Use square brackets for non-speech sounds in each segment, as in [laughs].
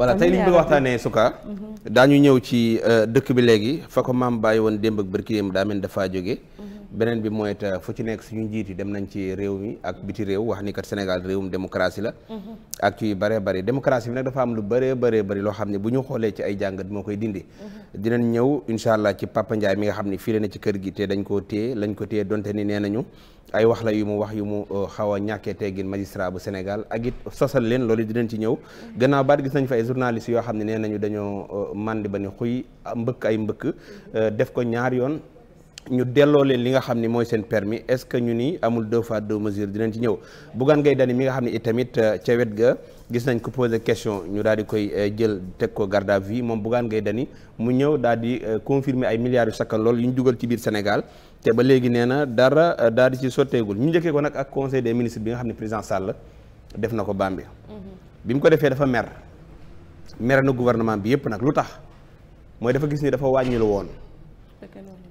voilà tey li ñu bëgg waxtaanee suka mhm. daañu ñëw ci euh, dëkk bi léegi fa ko maam bàyyi woon démb ak barki démb daa mel dafaa jóge mhm. beneen bi mooy it fu ci nekk suñu njiit dem nañ ci réew mi ak biti réew wax ni kat Sénégal réewum démocratie la mhm. ak ci yu bëree bëri démocratie bi nag dafa am lu bëree bëree bëri loo xam ne bu ñu xoolee ci ay jàngat moo koy dindi dinañ ñëw incha allah ci Papa mi nga xam ne fii la ne ci kër gi te dañ koo téye lañ ko téye donte ni nee nañu ay wax la yu mu wax yu mu euh, xaw a ñàkkee teggin magistrat bu Sénégal ak it sosal leen loolu dinañ ci ñëw mm-hmm. gannaaw baat gis nañ fa ay journalistes yoo xam ne nee nañu dañoo euh, màndi ba ni xuy mbëkk ay mbëkk mm-hmm. euh, def ko ñaar yoon ñu delloo leen li nga xam ni mooy seen permis est-ce que ñu ni amul deux fois deux mesures dinañ ci ñëw Bougane Gueye Dany mi nga xam ne itamit ca wet ga gis nañ ko posé question ñu daal di koy eh, jël teg ko garde à vue moom Bougane Gueye Dany mu ñëw daal di eh, confirmer ay milliards yu sakkan lool yu ñu dugal ci biir Sénégal te ba léegi nee na dara eh, daal di ci sotteegul ñu njëkkee ko nag ak conseil des ministres bi nga xam ne président Sall def na ko Bambey mm-hmm. bi mu ko defee dafa mer mer na gouvernement bi yépp nag lu tax mooy dafa gis ni dafa wàññi woon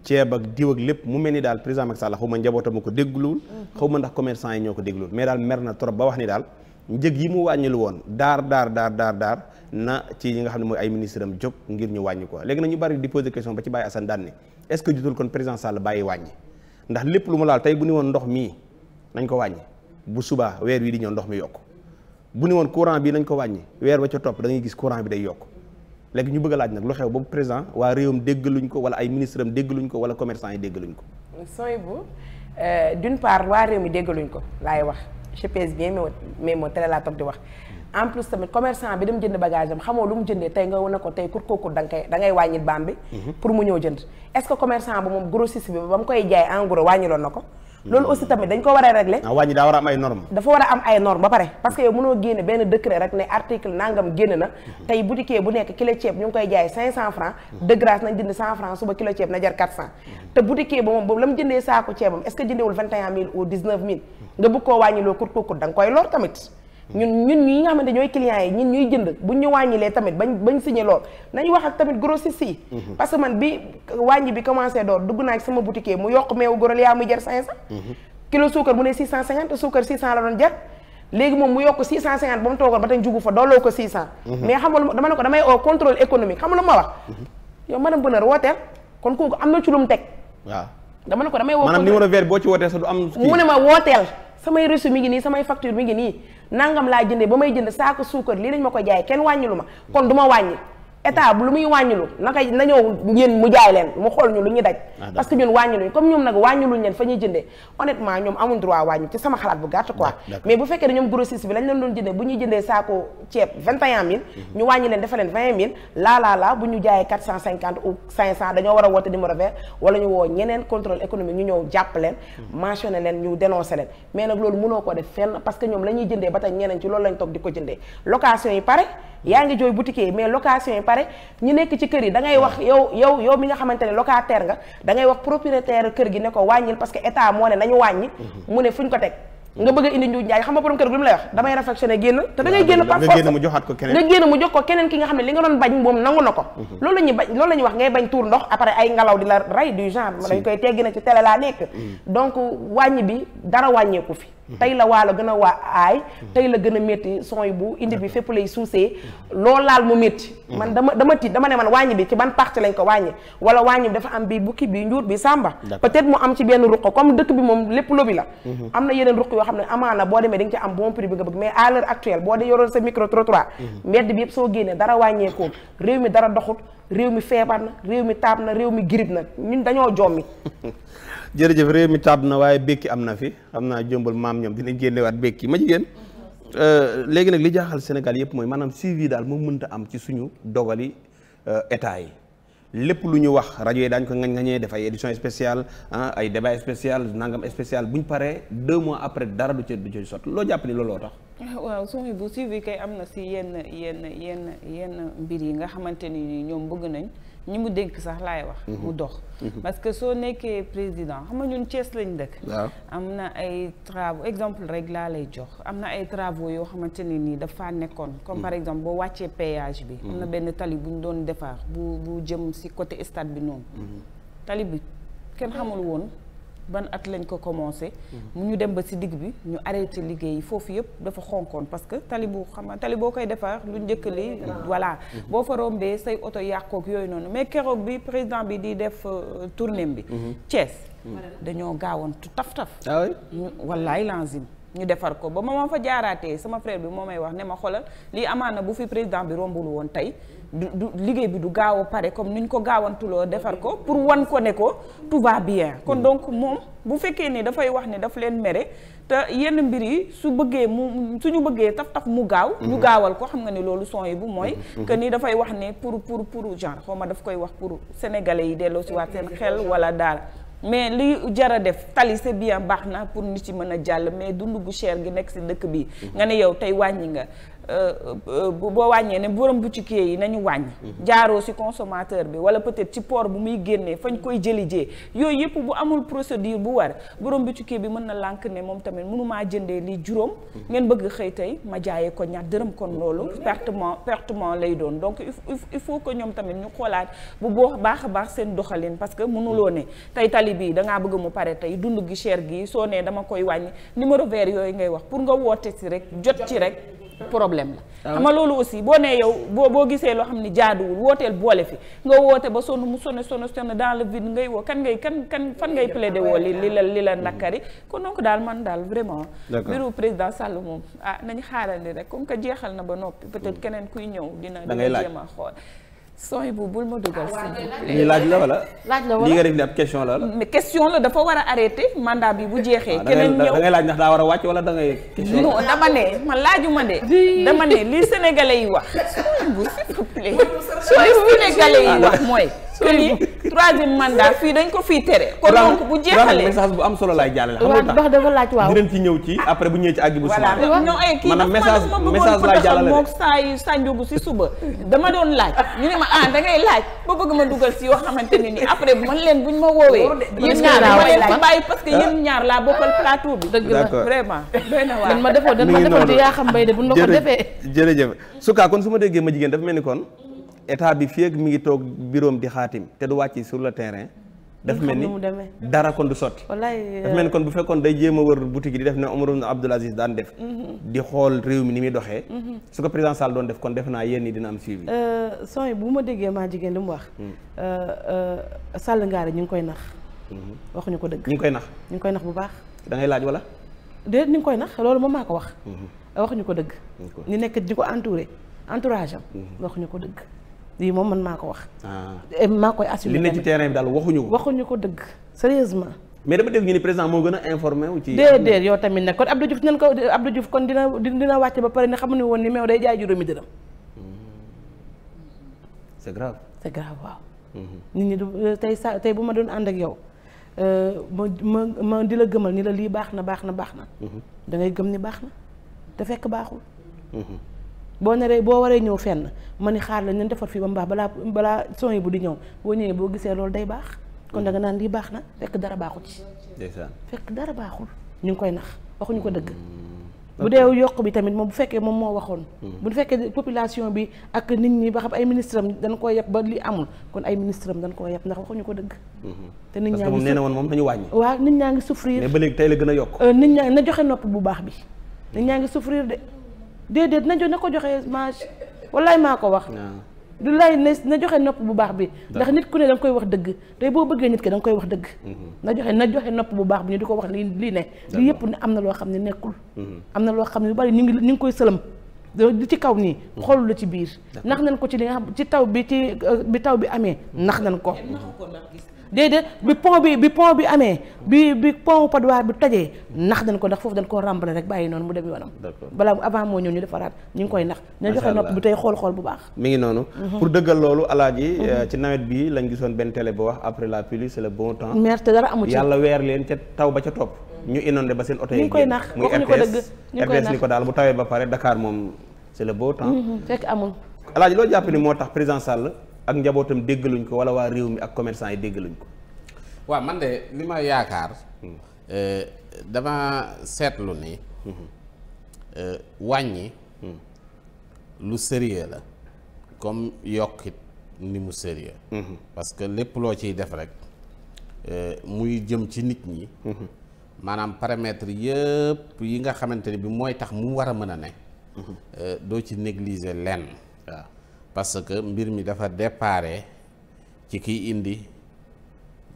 ceeb ak diw ak lépp mu mel ni daal président Macky Sall xaw ma njabootam ko déglul mm-hmm. xaw ma ndax commerçant yi ñoo ko déglul mais daal mer na trop ba wax ni daal njëg yi mu wàññil woon daar daar daar daar daar na ci ñi nga xam ne mooy ay ministre am jóg ngir ñu wàññi ko léegi na ñu bari di poser question ba ci Baye Assane daan ne est-ce que jotul kon président bàyyi wàññi ndax lépp lu mu laal tey bu ni woon ndox mii nañ ko wàññi bu subaa weer wi di ñëw ndox mi yokk bu ni woon courant bi nañ ko wàññi weer ba ca topp da gis courant bi day yokk léegi ñu bëgg a laaj nag lu xew boobu président waa réewam déggaluñ ko wala ay ministre am déggaluñ ko wala commerçant yi déggaluñ ko. sooy bu euh, d'une part waa réew mi déggaluñ ko je pèse bien mais moo tere laa toog di wax en plus tamit commerçant bi dem jënd bagage xamoo lu mu jëndee tey nga wane ko tey kur kookur da nga koy da ngay wàññil baam bi mhm. pour mu ñëw jënd est ce bi moom grossiste bi ba mu koy jaay en wàññiloon na ko loolu aussi tamit dañ ko war a régler ah, wàññi daa war a am ay normes a am ay normes ba pare parce que yow mënoo génne benn décret rek ne article nangam génn na mhm. tey boutique bu nekk kilo ceeb ñu ngi koy jaay cinq cent mhm. nga bëgg koo wàññiloo kut kut da nga koy lor tamit ñun ñun ñi nga xamante ñooy clients yi ñun ñuy jënd buñ ñu wàññilee tamit bañ bañ signé lool nañ wax ak tamit grossiste yi mhm. parce que man bi wàññi bi commencé door dugg naa sama boutique mu yokk meewu góral yaa muy jar 500 mhm. kilo suukar mu ne 650 suukar 600 la doon jar léegi moom mu yokk 650 ba mu toogoon ba tey jugu fa dooloo ko 600 mhm. mais xam nga dama ne ko damay kon kooku am na ci lu mu teg waaw dama ne ko damay woo. maanaam a vert boo ci wootee sax du am. mu ne ma wooteel samay reçu mi ngi nii samay facture mi ngi nii nangam laa jëndee ba may jënd saako suukar lii lañ ma ko jaay kenn wàññi lu ma kon du ma wàññi état lu muy wàññilu naka na ñëw yéen mu jaay leen mu xool ñu lu ñuy daj ah, parce que ñun comme ñoom nag wàññiluñ leen fa ñuy jëndee honnêtement ñoom amuñ droit wàññi ci sama xalaat bu gàtt quoi mais bu fekkee ne ñoom grossiste bi lañ leen doon jëndee bu ñuy jëndee saako ceeb vingt et un mhm. ñu wàññi leen defal leen vingt laa laa laa bu ñu jaayee quatre cent cinquante ou cinq cent dañoo war a woote numéro vert wala ñu woo ñeneen contrôle économique ñu ñëw jàpp leen mhm. mentionné leen ñu leen mais loolu mënoo ko def fenn parce que ñoom la ñuy jëndee ba tey ñeneen ci loolu lañ toog di ko jëndee yaa ngi jooy boutique yi mais location yi pare ñu nekk ci kër yi da ngay wax yow yow yow mi nga xamante ne locataire nga da ngay wax propriétaire kër gi ne ko wàññil parce que état moo ne nañu wàññi mm-hmm. mu ne fuñ ko teg nga bëgg a indi njuuj njaay xam nga borom kër gi lu mu lay wax damay réflexionné génn te da ngay génn par force mu joxaat ko keneen nga génn mu jox ko keneen ki nga xam ne li nga doon bañ moom nangu na ko mm-hmm. loolu la ñuy bañ loolu la ñuy wax ngay bañ tuur ndox après ay ngalaw di la rey du genre dañ koy teggi na nekk mm. donc wàññi bi dara wàññeeku fi tey la waalo gën a waa aay tey la gën a métti son yi bu indi bi fépp lay suusee lool laal mu metti man dama dama tiit dama ne man wàññi bi ci ban partie lañ ko wàññi wala wàññi bi dafa am bii bukki bi njuur bi sàmba peut-être mu am ci benn ruq comme dëkk bi moom lépp lobi la mhm. am na yeneen ruq yoo xam ne amaana boo demee di nga ci am bon prix bi nga bëgg mais à l'heure actuelle boo dee yoroon sa micro trottoir mhm. bi yëpp soo génnee dara wàññeekoo réew mi dara doxut réew mi feebar na réew mi taab na réew mi girib na ñun dañoo jommi [laughs] jërëjëf réew mi tàbb na waaye békki am na fi am naa jëmbal maam ñoom dinañ génnewaat békki ma jigéen euh, léegi nag li jaaxal Sénégal yëpp mooy maanaam suivi daal moo mënta am ci suñu dogali euh, état yi lépp lu ñu wax rajo yi daañu ko ngañ-ngañee def ay édition spéciale ah ay débat spécial nangam spécial bu ñu paree deux mois après dara du ca du ca sotti loo jàpp ni looloo tax. [laughs] waaw suñu bu suivi kay am na si yenn yenn yenn yenn mbir yi nga xamante ni ñoom bëgg nañ. ñi mu dénk sax laay wax. Mhm. mu dox. Mhm. parce que soo nekkee président xam nga ñun Thiès lañ dëkk. am na ay travaux exemple rek laa lay jox am na ay travaux yoo xamante ne nii dafa nekkoon. comme mhm. par exemple boo wàccee péage bi. am na benn tali bu ñu doon defar bu bu jëm si côté stade bi noonu. tali bi kenn xamul woon. ban at lañ ko commencé. Mhm. mu ñu dem ba si digg bi ñu arrêté liggéey yi foofu yëpp dafa xonkoon parce que tali bu xam tali boo koy defar lu njëkk li ah. voilà mhm. boo fa rombee say oto yàqook yooyu noonu mais keroog bi président bi di def euh, tournée bi. Mhm. Thiès dañoo gaawoon taf taf. ah oui wallaay lanzim ñu defar ko ba ma fa jaaraatee sama frère bi moo may wax ne ma xoolal lii amaana bu fi président bi rombul woon tey. du du liggéey bi du gaaw a pare comme ni ñu ko gaawantuloo defar ko pour wan ko ne ko tout va kon mm. donc moom bu fekkee ne dafay wax ne daf leen mere te yenn mbir yi su bëggee mu suñu bëggee taf taf mu gaaw ñu mm-hmm. gaawal ko xam nga ni loolu son yi bu mooy mm-hmm. que ni dafay wax ne pour pour pour genre xaw ma daf koy wax pour sénégalais yi delloo si waat seen mm-hmm. xel wala daal mais li jara def tali c'est bien baax na pour nit ci mën a jàll mais dund bu cher gi nekk si dëkk bi nga ne yow tey wàññi nga boo wàññee ne borom boutique yi nañu wàññ mhm. jaaroo ci consommateur bi wala peut-être ci port bu muy génnee fañ koy jëli jee yooyu yëpp bu amul procédure bu war borom boutique bi mën na lànk ne moom tamit mënumaa jëndee lii juróom mhm. ngeen bëgg xëy tey ma jaayee ko ñaar dërëm kon loolu mhm. partement pertement lay doon donc il faut que ñoom tamit ñu xoolaat bu boo baax a baax seen doxalin parce que mënuloo ne tey tali bii dangaa bëgg mu pare tey dund gi cher gi soo nee dama koy wàññi numéro vert yooyu ngay wax pour nga woote ci rek jot ci rek problème la ah ama loolu aussi boo nee yow boo boo gisee loo xam ne jaaduwul wooteel boole fi nga woote ba sonn mu sonn sonn sonn dans le vide ngay woo kan ngay kan kan fan ngay plaider woo li li la li la nakkari kon donc daal man daal vraiment mbiru président Sall moom ah nañ xaarandi rek comme que jeexal na ba noppi peut-être mm. keneen kuy ñëw dina dina jéem a xool sooy bu bul ma dugal s'il vous laaj la wala. laaj la wala li nga def ni ab question la wala. question la dafa war a arrêté mandat bi bu jeexee. Ah, keneen ñëw da ngay laaj ndax daa war a wàcc wala da ngay. question non dama ne man laajuma de. dama ne li Sénégalais yi wax. sooy bu s'il vous plaît. sooy bu Sénégalais yi ah, wax mooy. que ni troisième mandat fii dañ ko fii tere. kon donc bu jeexalee bu am solo laay jàllale. xam nga dafa laaj waaw eh, man na defoo de ma yaa xam mbay de buñ la ko defee. jërëjëf sukaa kon su ma déggee ma jigéen dafa mel ni kon état bi fii ak mi ngi toog bureau di xaatim te du wàcc sur le terrain. daf mel ni mu dara kon du sotti. wallaay daf mel ni kon bu fekkoon day jéem a wër boutique yi di def na Omar ibn Abdoul Aziz daan def. Mhm. di xool réew mi ni muy doxee. Mhm. su ko président Sall doon def kon def naa yéen ñi dina am suivi. Euh, son yi bu ma déggee maa jigéen li mu wax. Hmm. Euh, euh, Sall ngaari ñu ngi koy nax. Mhm. waxuñu ko dëgg. ñu ngi koy nax ñu ngi koy nax bu baax. da laaj wala. déedéet ñu ngi koy nax loolu moom maa ko wax. waxuñu ko dëgg. ñu nekk di ko entouré entourage am. waxuñu ko dëgg. lii moom man maa ko wax. Ah. maa koy assumer. li ne ci terrain bi daal waxuñu ko. waxuñu ko dëgg sérieusement. mais dama dégg ñu ni président moo gën a informé wu ci. déedéet yow tamit nag kon Abdou Diouf dinañ ko Abdou Diouf kon dina dina wàcc ba pare ne xamuñu woon ni meew day jaay juróomi dërëm. Hmm. c'est grave. c'est grave waaw. Hmm. nit ñi du euh, tey sa tey bu ma doon ànd ak yow euh, ma ma ma di la gëmal ni la lii baax na baax na baax na. Hmm. da gëm ni baax na te fekk baaxul. boo neree boo waree ñëw fenn ma ni xaar la ñu defar fii ba mu baax balaa balaa bu di ñëw boo ñëwee boo gisee loolu day baax kon da naan lii baax na fekk dara baaxul ci. fekk dara baaxul ñu ngi koy nax waxuñu ko dëgg. Mm. bu dee yokk bi tamit moom fekkee moom moo waxoon. Mm. bu fekkee population bi ak nit ñi ba xam ay ministre am koo yeb ba li amul kon ay ministre am dañ koo yeb ndax waxuñu ko dëgg. Mm-hmm. te nit ñaa ngi parce que moom nee na woon moom dañu wàññi. waaw nit ñaa ngi souffrir ba léegi tey la gën a yokk. Euh, nit ñaa na joxe nopp bu baax bi. Mm. nit ñaa ngi souffrir de déedéet na jo na ko joxe mange wallaay maa ko wax du lay na joxe nopp bu baax bi ndax nit ku ne da koy wax dëgg tey boo bëggee nit ki da nga koy wax dëgg mhm. na joxe na joxe nopp bu baax bi ñu di ko wax li lii ne lii yëpp ne am na loo xam ne nekkul mhm. am na loo xam ne yu bari ñu ngi ñu ngi koy sëlëm di ci kaw nii mhm. xoolu la ci biir nax nañ ko ci li nga ci taw bi ci euh, bi taw bi amee nax nañ ko déedéet bi pont bi bi pont bi amee bi bi pont Patte d'Oie bi tojee nax dañ ko ndax foofu dañ ko rembale rek bàyyi noonu mu dem yoonam balaa avant moo ñëw ñu defaraat ñu ngi koy nax ñu joxe xool bu baax mi ngi noonu mhm. pour dëggal loolu mhm. euh, nawet bi lañ gisoon benn télé ba après la pluie c'est le bon temps mère te dara amu ci yàlla weer leen ca taw ba ca topp ñu inondé ba seen oto yi ñu koy nax muy RTS RTS ni ko daal bu tawee ba pare Dakar moom c'est le beau temps mhm, fekk amul alaaji loo jàpp ni moo tax président Sall ak njabootam déggaluñ ko wala waa réew mi ak commerçant yi déggaluñ ko waaw man de li ma yaakaar hmm. euh, dama seetlu ni hmm. euh, wàññi lu sérieux la comme yokkit ni mu sérieux hmm. parce que lépp loo ciy def rek euh, muy jëm ci nit ñi maanaam paramètres yëpp yi nga xamante ne bi mooy tax mu war a mën a ne doo ci négliger lenn waaw ah. parce que mbir mi dafa dépare ci kiy indi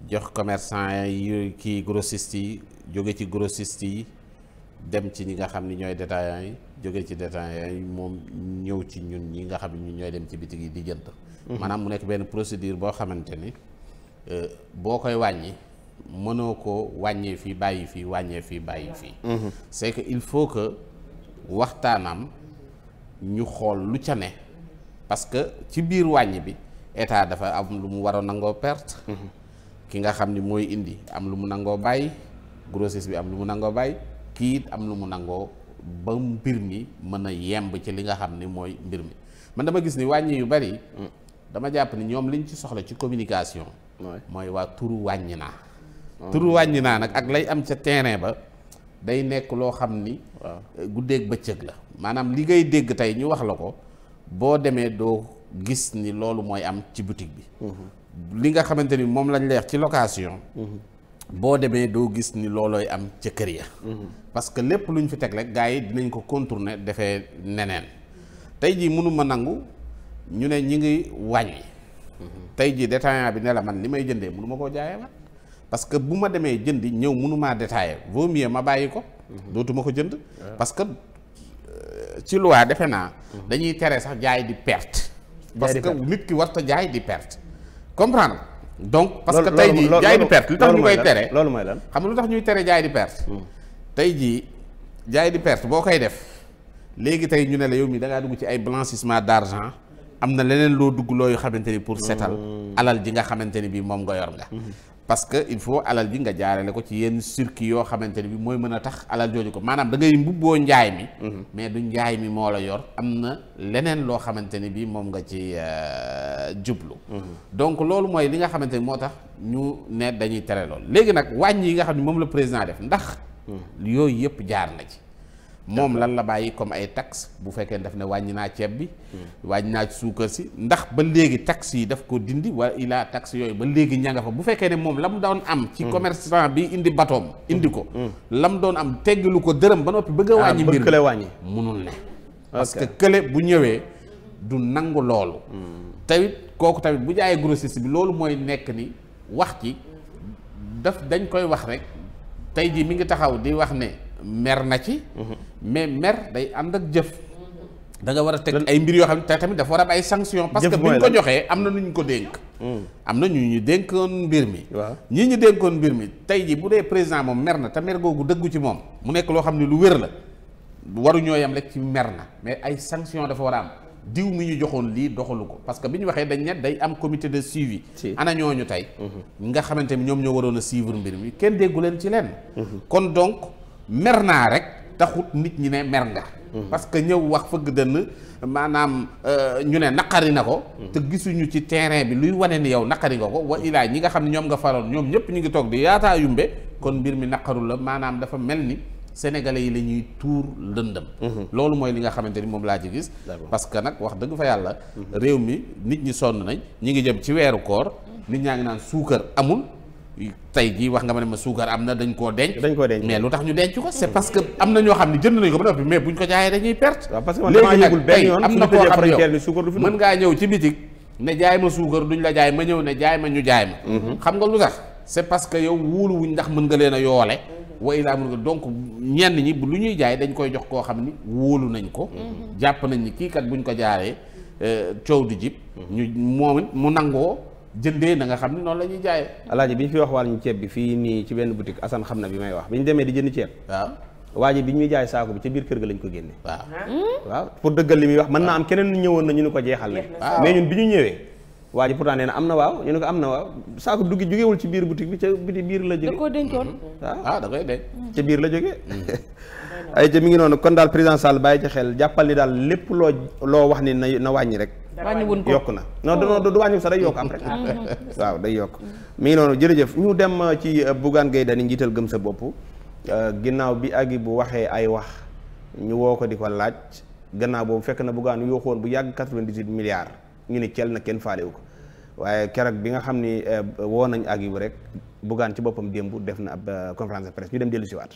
jox commerçant yi kii grossiste yi jóge ci grossiste yi dem ci ñi nga xam ni ñooy détaillants yi jóge ci détaillants yi moom ñëw ci ñun ñi nga xam ne ñooy dem ci bitig yi di jënd. Mhm. maanaam mu nekk benn procédure boo xamante ni euh, boo koy wàññi mënoo ko wàññee fii bàyyi fii wàññee mhm. fii bàyyi fii. c'est que il faut que waxtaanam ñu xool lu ca ne. parce que ci biir wàññi bi état dafa am lu mu war a nangoo perte. Mhm. ki nga xam ni mooy indi am lu mu nangoo bàyyi grossesse bi am lu mu nangoo bàyyi kii it am lu mu nangoo ba mbir mi mën a yemb ci li nga xam ni mooy mbir mi man dama gis ni wàññi yu bari. Mm. dama jàpp ni ñoom liñ ci soxla ci communication. mooy waa turu wàññi naa. Oh. turu wàññi naa nag ak lay am ca terrain ba day nekk loo xam ni. ba bëccëg la maanaam li ngay dégg tey ñu wax la ko. boo demee doo gis ni loolu mooy am ci boutique bi. li nga xamante ni moom lañ leex ci location. boo demee doo gis ni loolooy am ca kër ya. parce que lépp lu ñu fi teg rek gars yi dinañ ko contourner defee neneen tey jii mënuma nangu ñu ne ñi ngi wàññi. tey jii détaillant bi ne la man li may jëndee mënuma koo jaayee man parce que bu ma demee jëndi ñëw mënumaa maa détaillé ma bàyyi ko. dootuma ko jënd parce ci loi defe naa. dañuy tere sax jaay di perte. parce que nit ki warta jaay di perte comprendre donc parce que tey jii jaay di perte lu tax ñu koy loolu mooy lan xam nga ñuy tere jaay di perte hmm. tey jii jaay di perte boo koy def léegi tey ñu ne la yow mii da ngaa dugg ci ay blanchissement d'argent am na leneen loo dugg looyu xamante ni pour setal hmm. alal ji nga xamante ni bii moom nga yor nga hmm. parce que il faut alal ji nga jaarale ko ci yenn circuit yoo xamante ne bi mooy mën a tax alal jooju ko maanaam da ngay mbubboo njaay mi mhm. mais du njaay mi moo la yor am na leneen loo xamante ni bi moom nga ci euh, jublu mhm. donc loolu mooy li nga xamante ni moo tax ñu ne dañuy tere loolu léegi nag wàññi yi nga xam ne moom la président def ndax mhm. yooyu yëpp jaar na ci moom lan la bàyyi comme ay taxes bu fekkee daf ne wàññi naa ceeb bi. Hmm. wàññi naa suukar si ndax ba léegi taxes yi daf ko dindi wala ilaa taxes yooyu ba léegi ña fa bu fekkee ne moom la mu doon am. ci hmm. commerçant bi indi batoom. Hmm. indi ko. la mu doon am teggilu ko dërëm ba noppi bëgg a. Ah, wàññi mbir mi wàññi. munul ne. parce que kële bu ñëwee du nangu loolu. tamit kooku tamit bu jaayee grossiste bi loolu mooy nekk ni wax ci daf dañ koy wax rek tey jii mi ngi taxaw di wax ne. mer na ci. Mhm. mais mer day ànd ak jëf. da nga war a teg ay mbir yoo xam ne te tamit dafa war a am ay sanction parce que bi ñu ko joxee am na nu ñu ko dénk. Mhm. am na ñu ñu dénkoon mbir mi. waaw ñii ñu dénkoon mbir mi tey ji bu dee président moom mer na te mer googu ci moom mu nekk loo xam ne lu wér la waru ñoo yam rek ci mer na mais ay sanction dafa war a am diw mi ñu joxoon lii doxalu ko parce que bi ñu waxee dañ ne day am comité de suivi. ana ñooñu tey. Mhm. nga xamante ni ñoom ñoo waroon a suivre mbir mi kenn déggu leen ci leen. kon donc. mer naa rek taxut nit ñi ne mer nga mhm. parce que ñëw wax fëgg dënn maanaam euh, ñu ne naqari na ko mhm. te gisuñu ci terrain bi luy wane ni yow naqari nga ko wa ilaa ñi nga xam ne ñoom nga faroon ñoom ñëpp ñu ngi toog di yaataa yumbe kon mbir mi naqaru la maanaam dafa mel ni sénégalais yi la ñuy tuur lëndëm mhm. loolu mooy li nga xamante ni moom laa ci gis parce que nag wax dëgg fa yàlla réew mi nit ñi sonn nañ ñi ngi jëm ci weeru koor nit ñaa ngi naan suukar amul tey jii wax nga ma ne ma suukar am na dañ koo denc. dañ koo denc mais lu tax ñu denc ko. c' est hmm. que am na ñoo xam ne jënd nañ ko ba noppi mais buñ ko jaayee dañuy perte. waaw parce que am na koo xam yow mën jaay ma suukar duñ la jaay ma ñëw ne jaay ma ñu jaay ma. Hmm. nga lu tax c' parce que yow wóolu wuñ ndax mën nga leen a yoole. wa ilaa mën nga donc ñenn ñi lu ñuy jaay dañ koy jox koo xam ni wóolu nañ ko. Hmm. jàpp nañ ni kii kat buñ ko jaaree euh, coow di jib. ñu moom mu nangoo jëndee na nga xam ne noonu la ñuy jaayee. alaaji bi ñu fi wax waal wàllu ceeb bi fii nii ci benn boutique Assane xam na bi may wax bi ñu demee di jënd ceeb. waaw waa ji bi ñuy jaay saako bi ca biir kër ga lañ ko génne. waaw hmm? pour dëggal li muy wax mën naa am keneen ñëwoon na ñu ko jeexal mais ñun bi ñu ñëwee. waa ji pourtant nee na am na waaw ñu ne ko am na waaw saako duggi jógewul ci biir boutique bi ca biti biir la jóge. da koo dencoon. Ah, da koy denc. ca biir la jógee. ay ca mi ngi noonu kon daal président Sall bàyyi ci xel jàppal ni daal lépp loo loo wax ni na wàññi rek wàññiwul ko yokk na non oh. non du wàññiwul sax day yokk après. Ah, [laughs] waaw day yokk mi ngi noonu jërëjëf ñu dem uh, ci uh, Bougane Gueye Dany njiital gëm sa bopp uh, ginnaaw bi agi bu waxee ay wax ñu woo ko di ko laaj gannaaw boobu fekk na Bougane yooxoon bu yàgg 98 milliards ñu ne cel na kenn faalewu ko waaye keroog bi nga xam ni woo nañ agi bu rek Bougane ci boppam démb def na ab conférence de presse ñu dem dellu si waat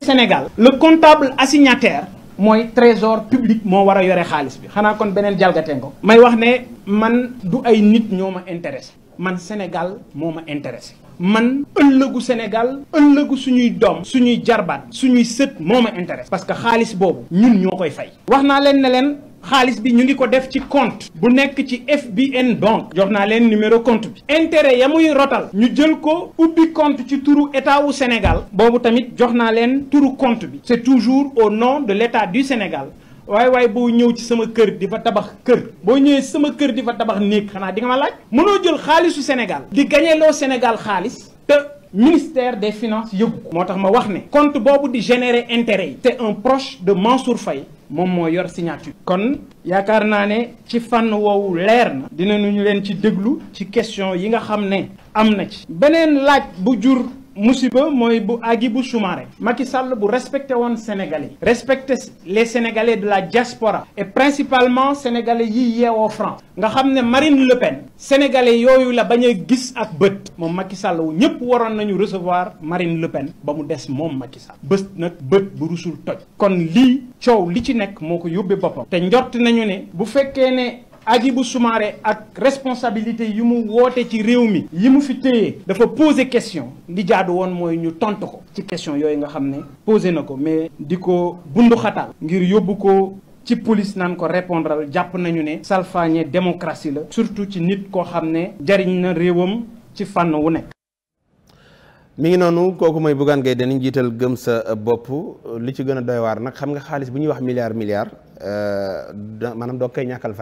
Sénégal le comptable assignataire mooy trésor public moo war a yore xaalis bi xanaa kon beneen jalgatee nga ko may wax ne man du ay nit ñoo ma intéressé man Sénégal moo ma intéressé man ëllëgu Sénégal ëllëgu suñuy doom suñuy jarbaat suñuy sët moo ma intéressé parce que xaalis boobu ñun ñoo koy fay wax naa leen ne leen xaalis bi ñu ngi ko def ci compte bu nekk ci FBN banque jox naa leen numéro compte bi intérêt ya muy rotal ñu jël ko ubbi compte ci tour état wu Sénégal boobu tamit jox naa leen tour compte bi c'est toujours au nom de l'état du Sénégal waaye waaye boo ñëw ci sama kër di fa tabax kër boo ñëwee sama kër di fa tabax néeg xanaa di nga ma laaj mënoo jël xaalisu Sénégal di gañeloo Sénégal xaalis te ministère des finances yëgu ko moo tax ma wax ne compte boobu di générer intérêt yi c'est un proche de Mansour Faye moom moo yor signature. kon yaakaar naa ne ci fànn woowu leer na. dinañu leen ci déglu ci question yi nga xam ne am na ci. beneen laaj bu jur. musiba mooy bu Hadjibou Soumaré Macky Sall bu respecté woon sénégalais respecte les sénégalais de la diaspora et principalement sénégalais yi yeewoo France nga xam ne Marine Le Pen sénégalais yooyu la bañ a gis ak bët moom Macky Sall wu ñëpp waroon nañu recevoir Marine Le Pen ba mu des moom Macky Sall bés nag bët bu rusul toj kon lii coow li ci nekk moo ko yóbbee boppam te njort nañu ne bu fekkee ne Hadjibou Soumaré ak responsabilité yi mu woote ci réew mi yi mu fi téye dafa poser question li jaadu woon mooy ñu tontu ko ci question yooyu nga xam ne posé na ko mais di ko bunduxatal ngir yóbbu ko ci police naan ko répondral jàpp nañu ne salfaañe démocratie la surtout ci nit koo xam ne jariñ na réewam ci fànn wu nekk mi ngi noonu kooku mooy Bougane Gueye danañ jiital gëm sa bopp li ci gën a doy waar nag xam nga xaalis bu ñuy wax milliard milliard euh, maanaam doo koy ñàkkal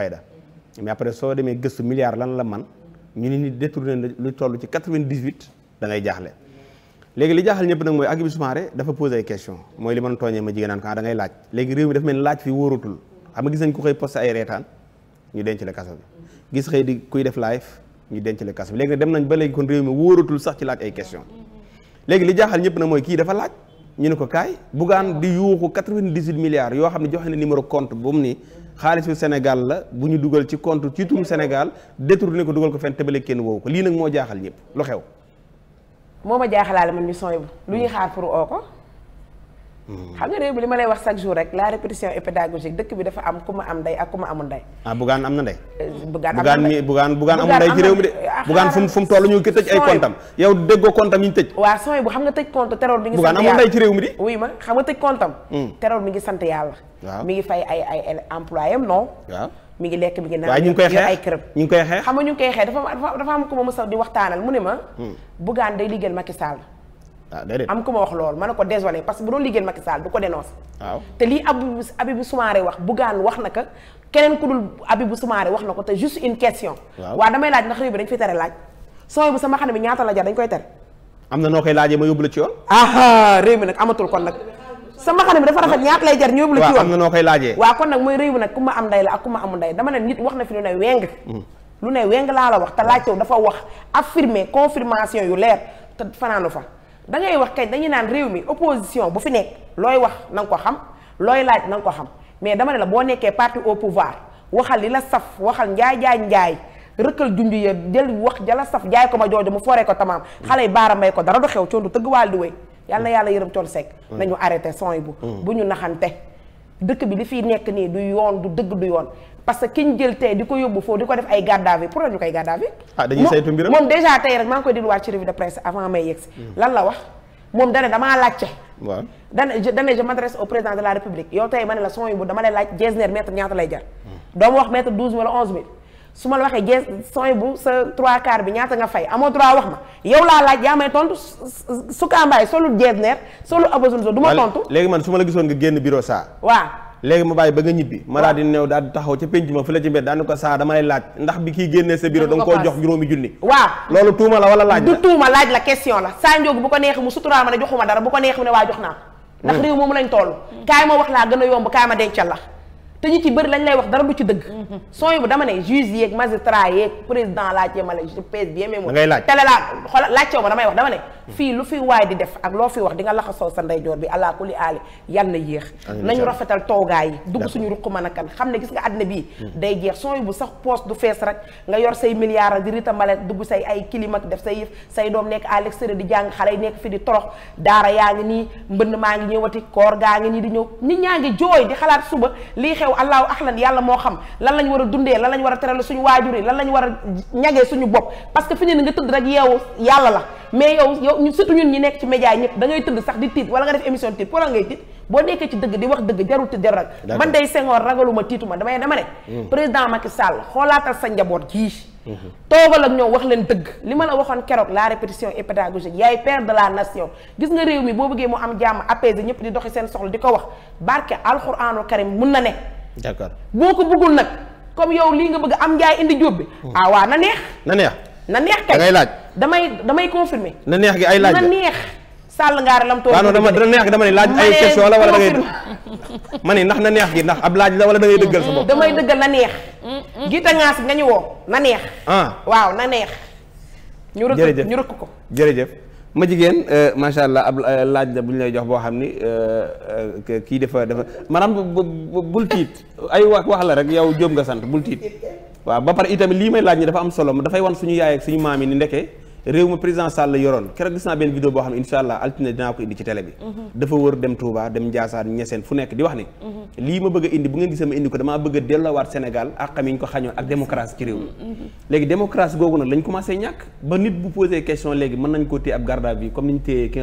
mais après soo demee gëstu milliard lan la man ñu ni ni détourné lu toll ci 98 da ngay jaaxle léegi li jaaxal ñëpp nag mooy Hadjibou Soumaré dafa posé question mooy li man tooñee ma jigéen naan ko ah, da ngay laaj léegi réew mi dafa mel laaj fi wóorutul xam nga gis nañ ku xëy posté ay reetaan ñu denc gis xëy kuy def live ñu denc la kaso bi léegi dem nañ ba léegi kon réew mi sax ci laaj ay question léegi li jaaxal ñëpp nag mooy kii dafa laaj ñu ne ko kaay bugaan di yuuxu 98 yoo xam ne joxe na numéro compte bu mu ni xaalisu senegal la bu ñu dugal ci compte ci turu Sénégal détourné ko dugal ko fenn tëbale kenn woowu ko lii nag moo jaaxal ñëpp lu xew. moo ma jaaxalaale man ñu sooy lu ñuy xaar pour oo ko. Mm. xam nga réew bi li ma lay wax chaque jour rek la répétition est pédagogique dëkk bi dafa am ku ma am ndey ak ku ma amul ndey. ah am na ndey. Euh, bugaan am na ndey bugaan bugaan amul ci réew mi ah, ngi tëj ay comptam di. oui ma xam nga tëj comptam. Mm. terror mi ngi sant yàlla. mi ngi fay ay ay employé am non. waaw. mi ngi lekk mi ngi naan waaye ñu ngi koy xeex ay kërëm koy xeex xam nga ñu ngi koy xeex dafa dafa am ko ma mos di waxtaanal mu ne ma mm. Bougane day liggéeyal Macky Sall ah déedéet am ku ma wax loolu man ne ko désolé parce que bu doon liggéey Macky Sall du ko dénoncé. te lii Abibou Abibou Soumaré wax Bougane wax na ko keneen ku dul Abibou Soumaré wax na ko te juste une question. waaw waaw damay laaj ndax réew bi dañ fi tere laaj. sooy bu sama xam bi ñaata la jar dañ koy tere. am na noo koy laajee ma yóbbu la ci yoon. réew mi nag amatul kon nag. sama xale bi dafa rafet ñaat lay jar ñu yóbbu la ci yoon waa na kon nag mooy réew mi nag ku ma am ndey la ak nit wax na fi lu ne weng. Mm. lu ne weng laa la wax te laajtew dafa wax affirmer confirmation yu leer te fanaanu fa da wax kañ dañuy naan réew mi opposition bu fi nekk looy wax na nga ko xam looy laaj na nga ko xam mais dama ne la boo nekkee parti au pouvoir waxal li la saf waxal njaay njaay njaay rëkkal junj ya jël wax jala saf jaay ko ma jooju mu foree ko tamaam xale yi baara may ko dara du xew coondu tëgg waal di wéy yàlla yàlla yërëm coon sekk mm. nañu arrêté son yi bu mm. bu ñu naxante dëkk bi li fi nekk nii du yoon du dëgg du yoon parce que ki ñu jël tey di ko yóbbu foofu di ko def ay garde à pour ñu koy garde à ah, moom déjà tey rek maa ngi koy dégluwaat ci revue de presse avant may yegsi hmm. lan la wax moom dane damaa laajte waaw dane dane je m'adresse au président de la république yow tey ma ne la son yi dama lay laaj jesner mètre ñaata lay jar hmm. doomu wax mètre douze mille onze mille su ma la waxee jees sooy bu sa trois quarts bi ñaata nga fay amoo droit wax ma yow laa laaj yaa may tontu sukaambaay solul jees neer solul abosul so du ma tontu. léegi man su ma la gisoon nga génn bureau saa. waaw léegi ma bàyyi ba nga ñibbi. ma daal di néew daal di taxaw ca penc ma fu la ci mbedd daanu ko saa dama lay laaj ndax bi kii génnee sa bureau da nga koo jox juróomi junni. waaw loolu tuuma la wala laaj la du tuuma laaj la question la saa njóogu bu ko neexee mu suturaal ma ne joxuma dara bu ko neexee mu ne waa jox naa ndax hmm. réew moomu lañ hmm. wax laa gën yomb kaay ma te ñu ci bëri lañ lay wax dara du ci dëgg. Mhm. sooy bu dama ne juge yeeg magistrat yeeg président laajte ma la je pèse bien mes mots. da ngay laaj télé laa wax dama ne. fii lu fi waay di def ak loo fi wax di nga laxasoo sa ndeyjoor bi alaa kulli aali yal na yéex nañu rafetal toogaay yi suñu ruq mën a kan xam ne gis nga àddina bii hmm. day jeex son bu sax poos du fees rek nga yor say milliards di rita dugg say ay kilim def say yëf say doom nekk à l'extérieur di jàng xale yi nekk fi di torox daara yaa ngi nii mbënn maa ngi ñëwati koor gaa ngi nii di ñëw nit ñaa ngi jooy di xalaat lii xew allahu axlan yàlla moo xam lan lañ war a dundee lan lañ war a terale suñu waajur yi lan lañ war a ñagee suñu bopp parce que fi ne ni nga tëdd rek yeewu yàlla la mais yow yow ñun ñi nekk ci média ñëpp da ngay tëdd sax di tiit wala nga def émission tiit wala ngay tiit boo nekkee ci dëgg di wax dëgg jarul tiit jarul rag man day Senghor ragaluma tiituma damay dama ne hmm. président Macky Sall xoolaatal sa njaboot gii hmm. toogal ak ñoom wax leen dëgg li ma la waxoon keroog la répétition et pédagogique yaay père de la nation gis nga réew mi boo bëggee mu am jàmm apaisé ñëpp di doxi seen soxla di ko wax barke alxuraanul karim mun na comme yow lii nga bëgg am njaay indi jóob bi hmm. ah waa neex na neex na neex kay laaj damay damay confirmer na neex gi ay laaj na neex sàll ngaar lam tool dama dama neex gi dama ne laaj ay la wala da ma ne ndax na neex gi ndax laaj la wala da dëggal sa bopp damay dëggal na neex mm, mm. giita ngaas nga ñu woo na neex ah. waaw na neex ñu rëkk ñu rëkk ko jërëjëf ma jigéen euh, macha allah ab euh, laaj la bu ñu lay jox boo xam ni euh, kii defa dafa manaan maanaam bul tiit ay wax wax la rek yow jóob nga sant bul tiit waaw ba pare itamit lii may laaj ni dafa am solo dafay wan suñu yaay ak suñu maam yi ni ndeke réew ma président Sall la yoroon keroog gis naa benn vidéo boo xam ne incha altine dinaa ko indi ci télé bi mhm. dafa wër dem Touba dem Ndiassane Niassène fu nekk di wax ni mhm. lii ma bëgg a indi bu ngeen gisee ma indi ko damaa bëgg a delloowaat Sénégal àqam yi ñu ko xañoon ak démocratie ci réew mi mhm, léegi démocratie googu nag lañ commencé ñàkk ba nit bu posé question léegi mën nañ koo téye ab garde à vue comme niñ téye ki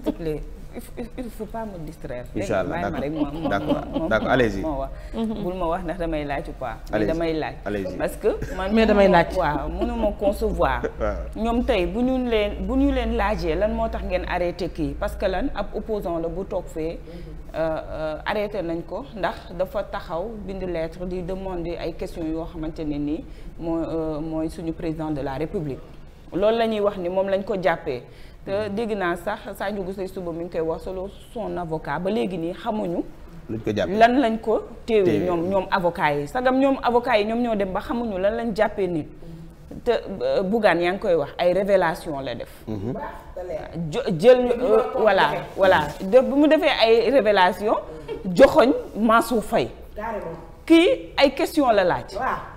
nga il faut pas me distraire. incha allah d' accord d' accord allez-y mhm. bul ma wax ndax damay laaj ou pas. mais damay laaj. parce que man mais damay laaj. waaw mënuma concevoir. [laughs] ñoom tey bu ñu leen bu ñu leen laajee lan moo tax ngeen arrêté kii parce que lan ab opposant la bu toog fee. Mhm. Euh, euh, arrêté nañ ko ndax dafa taxaw bind lettre di demander ay questions yoo xamante ne nii mooy euh, mooy suñu président de la république. loolu la wax ni moom lañ ko jàppee. te dégg naa sax Sadio Gueye suba mi ngi koy wax solo son avocat ba léegi nii xamuñu. lan lañ ko téewee ñoom ñoom avocat yi sagam ñoom avocat yi ñoom ñoo dem ba xamuñu lan lañ jàppee nit. te euh, Bougane yaa ngi koy wax ay révélation la def. Mhm. jël euh, voilà voilà def bu mu defee ay révélation joxoñ Mansour Faye kii ay question la laaj.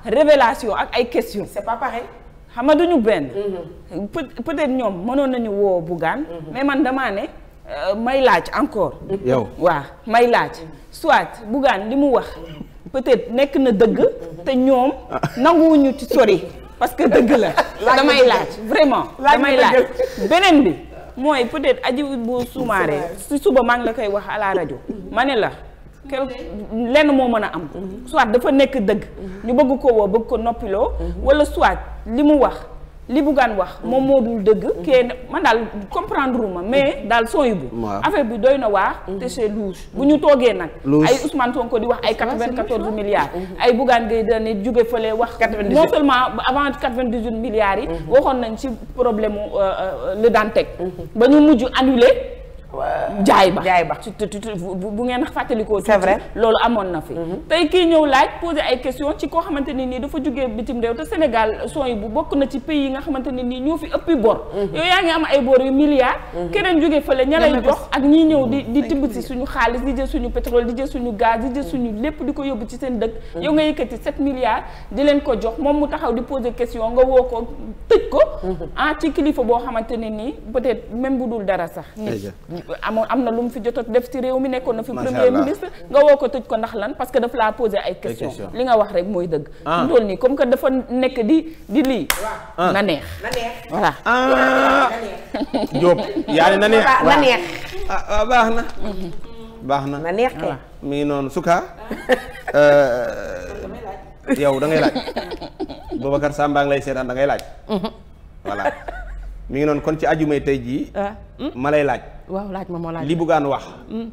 révélation ak ay question c'est pas pareil. xam nga duñu benn. Mhm. peut-être ñoom mënoon nañu woo Bougane. Mhm. mais man damaa ne euh, may laaj encore. yow waa may laaj. soit Bougane li mu wax peut-être nekk na dëgg. Mhm. te ñoom nanguwuñu ci sori. parce que dëgg la [laughs] damay laaj vraiment damay laaj beneen bi mooy peut-être aji bu sumaaree si suba maa ngi la koy wax à rajo ma ne la kel lenn moo mën a am mhm. soit dafa nekk dëgg mhm. ñu bëgg ko woo bëgg ko noppiloo mhm. wala soit li mu wax li Bougane wax moom moo dul dëgg kee man daal comprendre ma mais daal sooy bu affaire bi doy na waar te c'est bu ñu toogee nag ay Ousmane Sonko di wax ay quatre-vingt-quatorze milliards ay Bougane Gueye Dany jóge fële wax non seulement avant quatre vingt milliards yi waxoon nañ ci problème mu euh, euh, le Dantec ba ñu mujj annulé jaay ba jaay ba bu ngeen fàttalikoo c'est vrai loolu amoon na fi mm-hmm. tey kii ñëw laaj poser ay question ci koo xamante ni nii dafa jógee bitim réew te Sénégal son yi bu bokk na ci pays yi nga xamante ni nii ñoo fi ëppi bor mm-hmm. yow yaa ngi am ay bor yu milliards mm-hmm. keneen jógee fële ña lay jox ak ñii ñëw di di tibb si suñu xaalis di jël suñu pétrole di jël suñu gaz di jël suñu lépp di ko yóbbu ci seen dëkk yow nga yëkkati set milliards di leen ko jox moom mu taxaw di poser question nga woo ko tëj ko ah ci kilifa boo xamante ne nii peut-être même bu dul dara sax amoon am na lu mu fi jotot def ci réew mi nekkoon na fi premier ministre nga woo ko tëj ko ndax lan parce que daf laa poser ay question li nga wax rek mooy dëgg ndool ah. nii comme que dafa nekk di di lii ah. na neex na neex voilà Diop ah. yaa na neex baax na mhm. baax na na neex kay mi ngi noonu suka euh, yow da ngay laaj [laughs] Boubacar Samba ngi lay seetaan da ngay laaj mhm. voilà mi ngi noonu kon ci ajumay tey jii. Ah, hmm? ma lay laaj. waaw laaj ma moo laaj li buggaan wax. Hmm?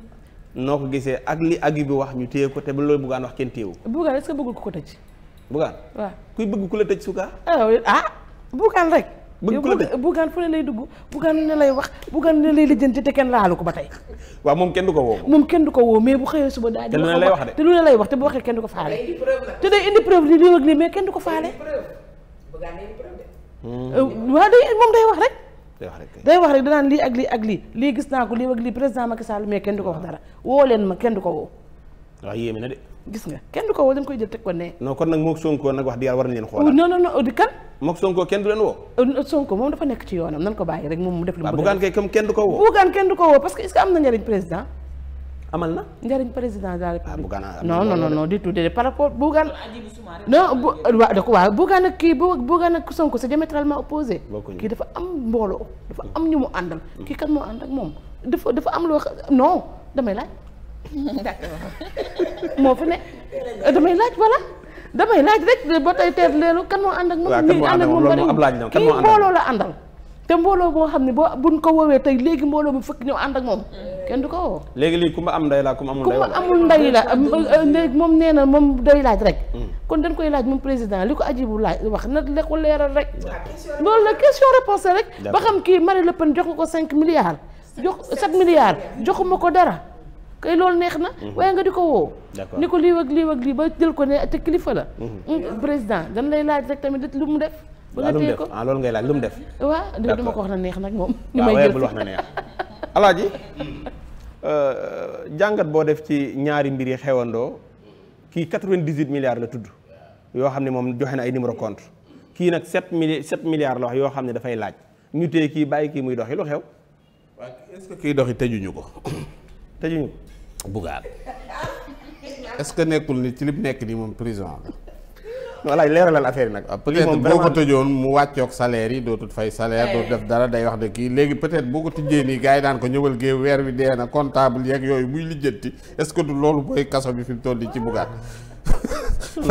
noo ko gisee ak li aju bi wax ñu téye ko te ba loolu buggaan wax kenn téyewu. buggaan est-ce que bëggul ko ko tëj. buggaan waaw kuy la tëj suka ah, ah buggaan rek. bëgg ku la tëj buggaan fu ne lay dugg buggaan ne lay wax buggaan ne lay lijjanti te kenn laalu ko ba tey. waaw moom kenn du ko woo. moom kenn du ko woo mais bu xëyee suba daal di. te lu ne lay wax de te lu ne lay wax te bu waxee kenn du ko faale. te day indi preuve li lii ak lii kenn du ko faale. Euh, waaw day moom day wax rek. day wax rek day wax rek danaan lii ak lii ak lii lii gis naa ko lii ak lii président Macky Sall mais kenn du ko wax dara woo leen ma kenn du ko woo. waaw yéeme na de. gis nga kenn du ko woo dañ koy jël teg ko ne. non kon nag moog Sonko nag wax di yàlla war nañ leen xoolal. non non non di kan. moog Sonko kenn du leen woo. Euh, Sonko moom dafa nekk ci yoonam nan ko bàyyi rek moom mu def. lu mu bëgg a def waaw bugaan kay comme kenn du ko woo. parce que est amal na. njëriñ président de la ah, république. Ah, non non non non du tout par rapport Bougane. non bu waaw da ko waaw Bougane ak kii Bougane ak Sonko c'est diamétralement opposé. kii dafa am mbooloo dafa am ñu mu àndal. Mm. kii kan moo ànd ak moom dafa dafa am loo non damay laaj. [laughs] [laughs] moo fi ne damay laaj voilà damay laaj rek ba tey teer leelu kan moo ànd ak moom. waaw kan moo kii mbooloo la àndal. te mbooloo boo xam ne boo bu buñ ko woowee tey léegi mbooloo mu fëkk ñëw ànd ak moom kenn du ko woo léegi lii ku ma am ndey la ku am amul ndey la ku ma amul ndey la moom nee na moom day laaj rek hmm. kon dañ koy laaj moom président li ko ajibu laaj wax na la ko leeral rek hmm. ah, loolu la question réponse rek ba xam kii Marine Le Pen jox ko cinq milliards jox sept milliards joxuma ko dara kay loolu neex na hmm. waaye nga di ko woo ni ko lii wag lii wag lii ba jël ko ne te kilifa la président dañ lay laaj rek tamit lu mu def ba nga téye ko ah, loolu ngay laaj lu mu def. waaw du ma ko wax na neex nag moom. ni may ah, jël bul wax na neex. alaaji [laughs] euh, jàngat boo def ci ñaari mbir yi xewandoo kii 98 milliards la tudd yoo xam ne moom joxe na ay numéro compte kii nag 7 mili 7 milliards la wax yoo xam ne dafay laaj ñu téye kii bàyyi kii muy doxi lu xew. waaw est-ce que kii doxi tëjuñu ko. tëjuñu ko. bugaar est-ce que nekkul ni ci li nekk nii moom prison la. voilà leeralal affaire yi nag. Ah, peut-être boo ko tëjoon mu wàccoog salaire yi dootut fay salaire dootu def dara day wax de kii léegi peut-être boo ko tijjee nii gars yi daan ko ñëwal géew weer wi dee na comptable yeeg yooyu muy lijjanti est du loolu booy kaso bi fi toll di ci bugaat. [laughs]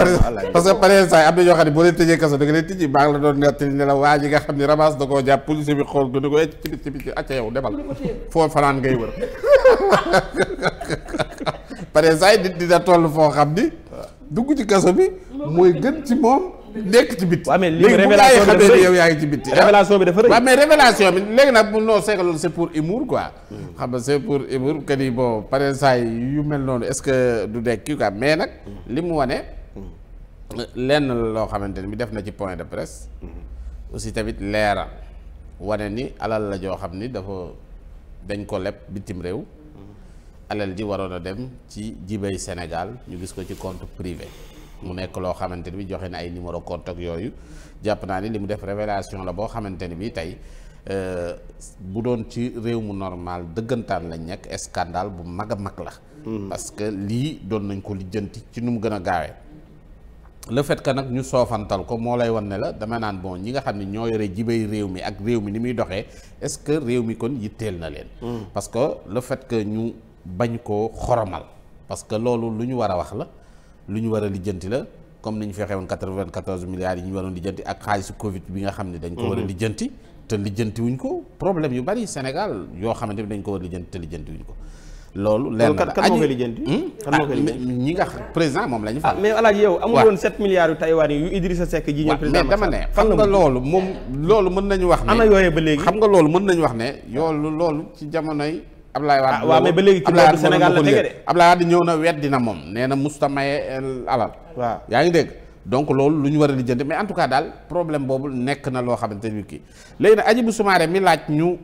parce que pareen saa yi am na ñoo xam ne boo leen tëjee kaso da nga leen tijji maa ngi la doon nettali ne la waa ji nga xam ne ramas da koo jàpp police bi xool ko ne ko eh, ci bi ci bi ci acca yow demal foo fanaan ngay wër [laughs] dugg ci kaso bi mooy gën ci moom nekk ci biti. waaw mais léegi révélation bi yow yaa ngi ci biti. révélation bi dafa rëy waaw mais révélation bi léegi nag bu noo seqaloon loolu pour humour quoi. xam nga c'est pour humour que ni bon par exemple yu mel noonu est-ce que du nekk kii quoi mais nag. li mu wane. lenn loo xamante ni bi def na ci point de presse. aussi tamit leera wane ni alal la joo xam ni dafa dañ ko leb bitim réew. alal ji waroon a dem ci jibay Sénégal ñu gis ko ci compte privé mu nekk loo xamante ni bi joxe na ay numéro compte ak yooyu jàpp naa ni li mu def révélation la boo xamante ni bi tey euh, bu doon ci réew mu normal dëggantaan lañ nekk scandale bu mag a mag la mm-hmm. parce que lii doon nañ ko lijjanti ci nu mu gën a gaawee le fait nag ñu soofantal ko moo lay wan ne la dama naan bon ñi nga xam ne ñoo yore jibay réew mi ak réew mi ni muy doxee est-ce que réew mi kon yitteel na leen mm. parce que le ñu bañ koo xoromal parce que loolu lu ñu war a wax la lu ñu war a lijjanti la comme ni ñu fexe woon quatre-vingt-quatorze milliards yi ñu waroon lijjanti ak xaalisu Covid bi nga xam ne dañ ko war a mhm. lijjanti te lijjanti wuñ ko problème yu bari Sénégal yoo xamante ne dañ ko war a lijjanti te wuñ ko loolu leer na la kan moo koy hmm? ah, lijjanti ñi nga président moom lañu ñu fal ah, mais alaaji yow amul woon sept milliards yu Taïwan yi yu Idrissa Seck ji ñëw ne xam nga loolu moom loolu mën nañu wax ne ana ba léegi xam nga loolu mën nañu wax ne yoolu loolu ci jamonoy Ablaye Wade ah, waaw mais ba léegi ci boobu Sénégal la tege de Ablaye ñëw na weddi dina moom nee na musta maye euh, alal waaw yaa ngi dégg donc loolu lu ñu war a di lijjanti mais en tout cas daal problème boobu nekk na loo xamante ni kii léegi nag Hadjibou Soumaré mi laaj ñu